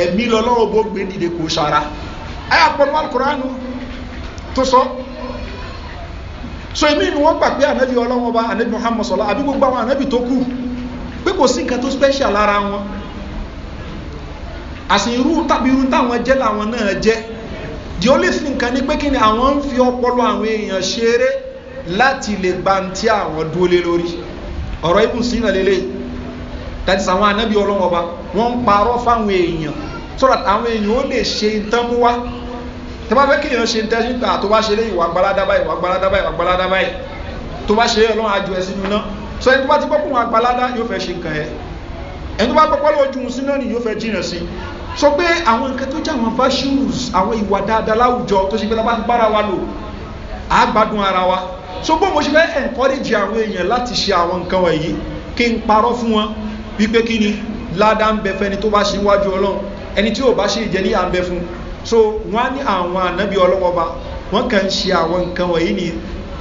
ẹ̀mí lọ́lọ́run ọbọ̀ gbé dìde kò sára ayé àpọ̀lọ́ alukóránù tó sọ so èmi ni wọ́n gbà pé ànábì ọlọ́run ọba ànábì muhammad sọlá àbí gbogbo àwọn ànábì tó kù pé kò sí nǹkan tó special lára wọn àsìn tàbí irú táwọn jẹ́ làwọn náà jẹ́ the only thing kan ni pé kí ni àwọn ń fi ọpọlọ àwọn èèyàn ṣeré láti lè gba ti àwọn dúró lé lórí ọ̀rọ̀ ibùsùn náà lélẹ́yìí that is àwọn anábì ọlọ́wọ́ ọba wọ́n ń parọ́ fáwọn èèyàn so that àwọn èèyàn ó lè ṣe ìtànmú wá tó bá fẹ́ kí èèyàn ṣe ìtẹ́jú gbà tó bá ṣe lé ìwà gbaládábá ìwà gbaládábá ìwà gbaládábá ẹ̀ tó bá ṣe ọlọ́run àjò ẹ̀ sínú náà so ẹni tó bá ti gbọ́kùn wọn gbaládá yóò fẹ́ ṣe nǹkan ẹ̀ ẹni tó bá gbọ́kọ́ lójú sínú ni yóò fẹ́ jìnà sí sọ pé àwọn nǹkan tó jẹ́ àwọn virtues àwọn ìwà dáadáa láwùjọ tó ṣe pé lábá ń bára wa lò á gbádùn ara wa so bó mo ṣe fẹ́ encourage àwọn èèyàn láti ṣe àwọn nǹkan wọ̀nyí kí n parọ́ fún wọn wípé kí ni ládàá ń bẹ fẹ́ni tó bá ṣe wájú ọlọ́run ẹni tí ò bá ṣe ìjẹ́ ní à fún so wọ́n á ní àwọn ànábì ọlọ́wọ́ ba wọ́n kàn ń ṣe àwọn nǹkan wọ̀nyí ni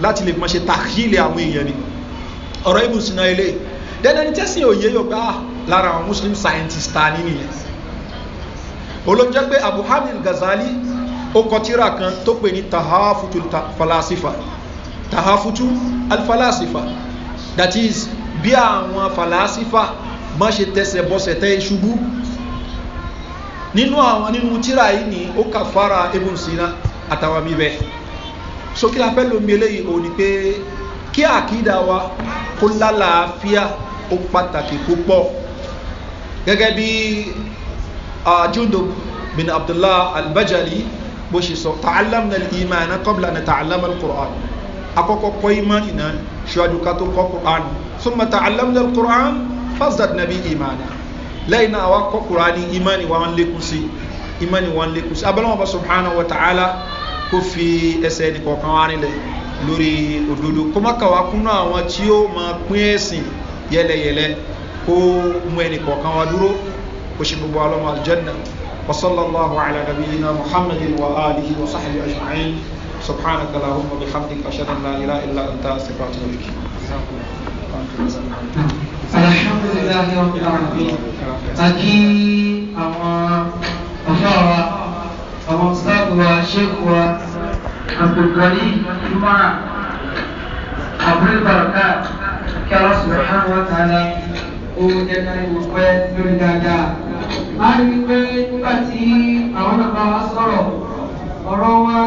láti lè mọ̀ ṣe tàkìlẹ̀ àwọn èèyàn ni ọ̀rọ̀ ibùsùn náà eléyìí dẹ́nẹ́ni tẹ́sí òye yóò gbá ah, lára àwọn muslim scientist ta ní nìyẹn olóńjẹ́ pé abu hamid ghazali ó kọ tíra kan tó pè ní tahafutu falasifa tahafutu alfalasifa that is bí àwọn falasifa má ṣe tẹsẹ̀ bọ́sẹ̀ tẹ́ ṣubú nínú àwọn nínú tíra yìí ni ó kà fara ibùn sínú àtàwọn mi bẹ́ẹ̀ sókè afẹ́ ló ń gbélé yìí ò ní pé kí àkídà wa kó lálàáfíà ó pàtàkì púpọ̀ gẹ́gẹ́ bí Ah, jundub bin abdullah albajali bó ṣe sọ tààlám na iman na kọ́bla na tààlám alkur'an akọ́kọ́ kọ́ iman iná ṣíwájú ká tó kọ́ kur'an súnmọ́ tààlám na alkur'an fasdad na bí iman lẹ́yìn náà wá kọ́ kur'an iman wọn lékún sí iman wọn lékún sí abẹ́lẹ́wọ̀n bá subhana wa ta'ala kó fi ẹsẹ̀ ẹnì kọ̀ọ̀kan wá nílẹ̀ lórí òdodo kó má kàwá kúnú àwọn tí ó máa pín ẹ̀sìn yẹlẹyẹlẹ kó mú ẹnì kọ̀ọ̀kan wá dúró kóṣe gbogbo alọ́mọ aljanna wasallallahu ala nabiyina muhammadin wa alihi wa sahbihi ajma'in subhanaka lahumma bihamdika ashhadu an la ilaha illa anta astaghfiruka wa atubu ilaik ó jẹ́ káyọ̀ mọ̀ pẹ́ lórí dáadáa. a rí i pé nígbà tí àwọn náà bá wa sọ̀rọ̀ ọ̀rọ̀ wa.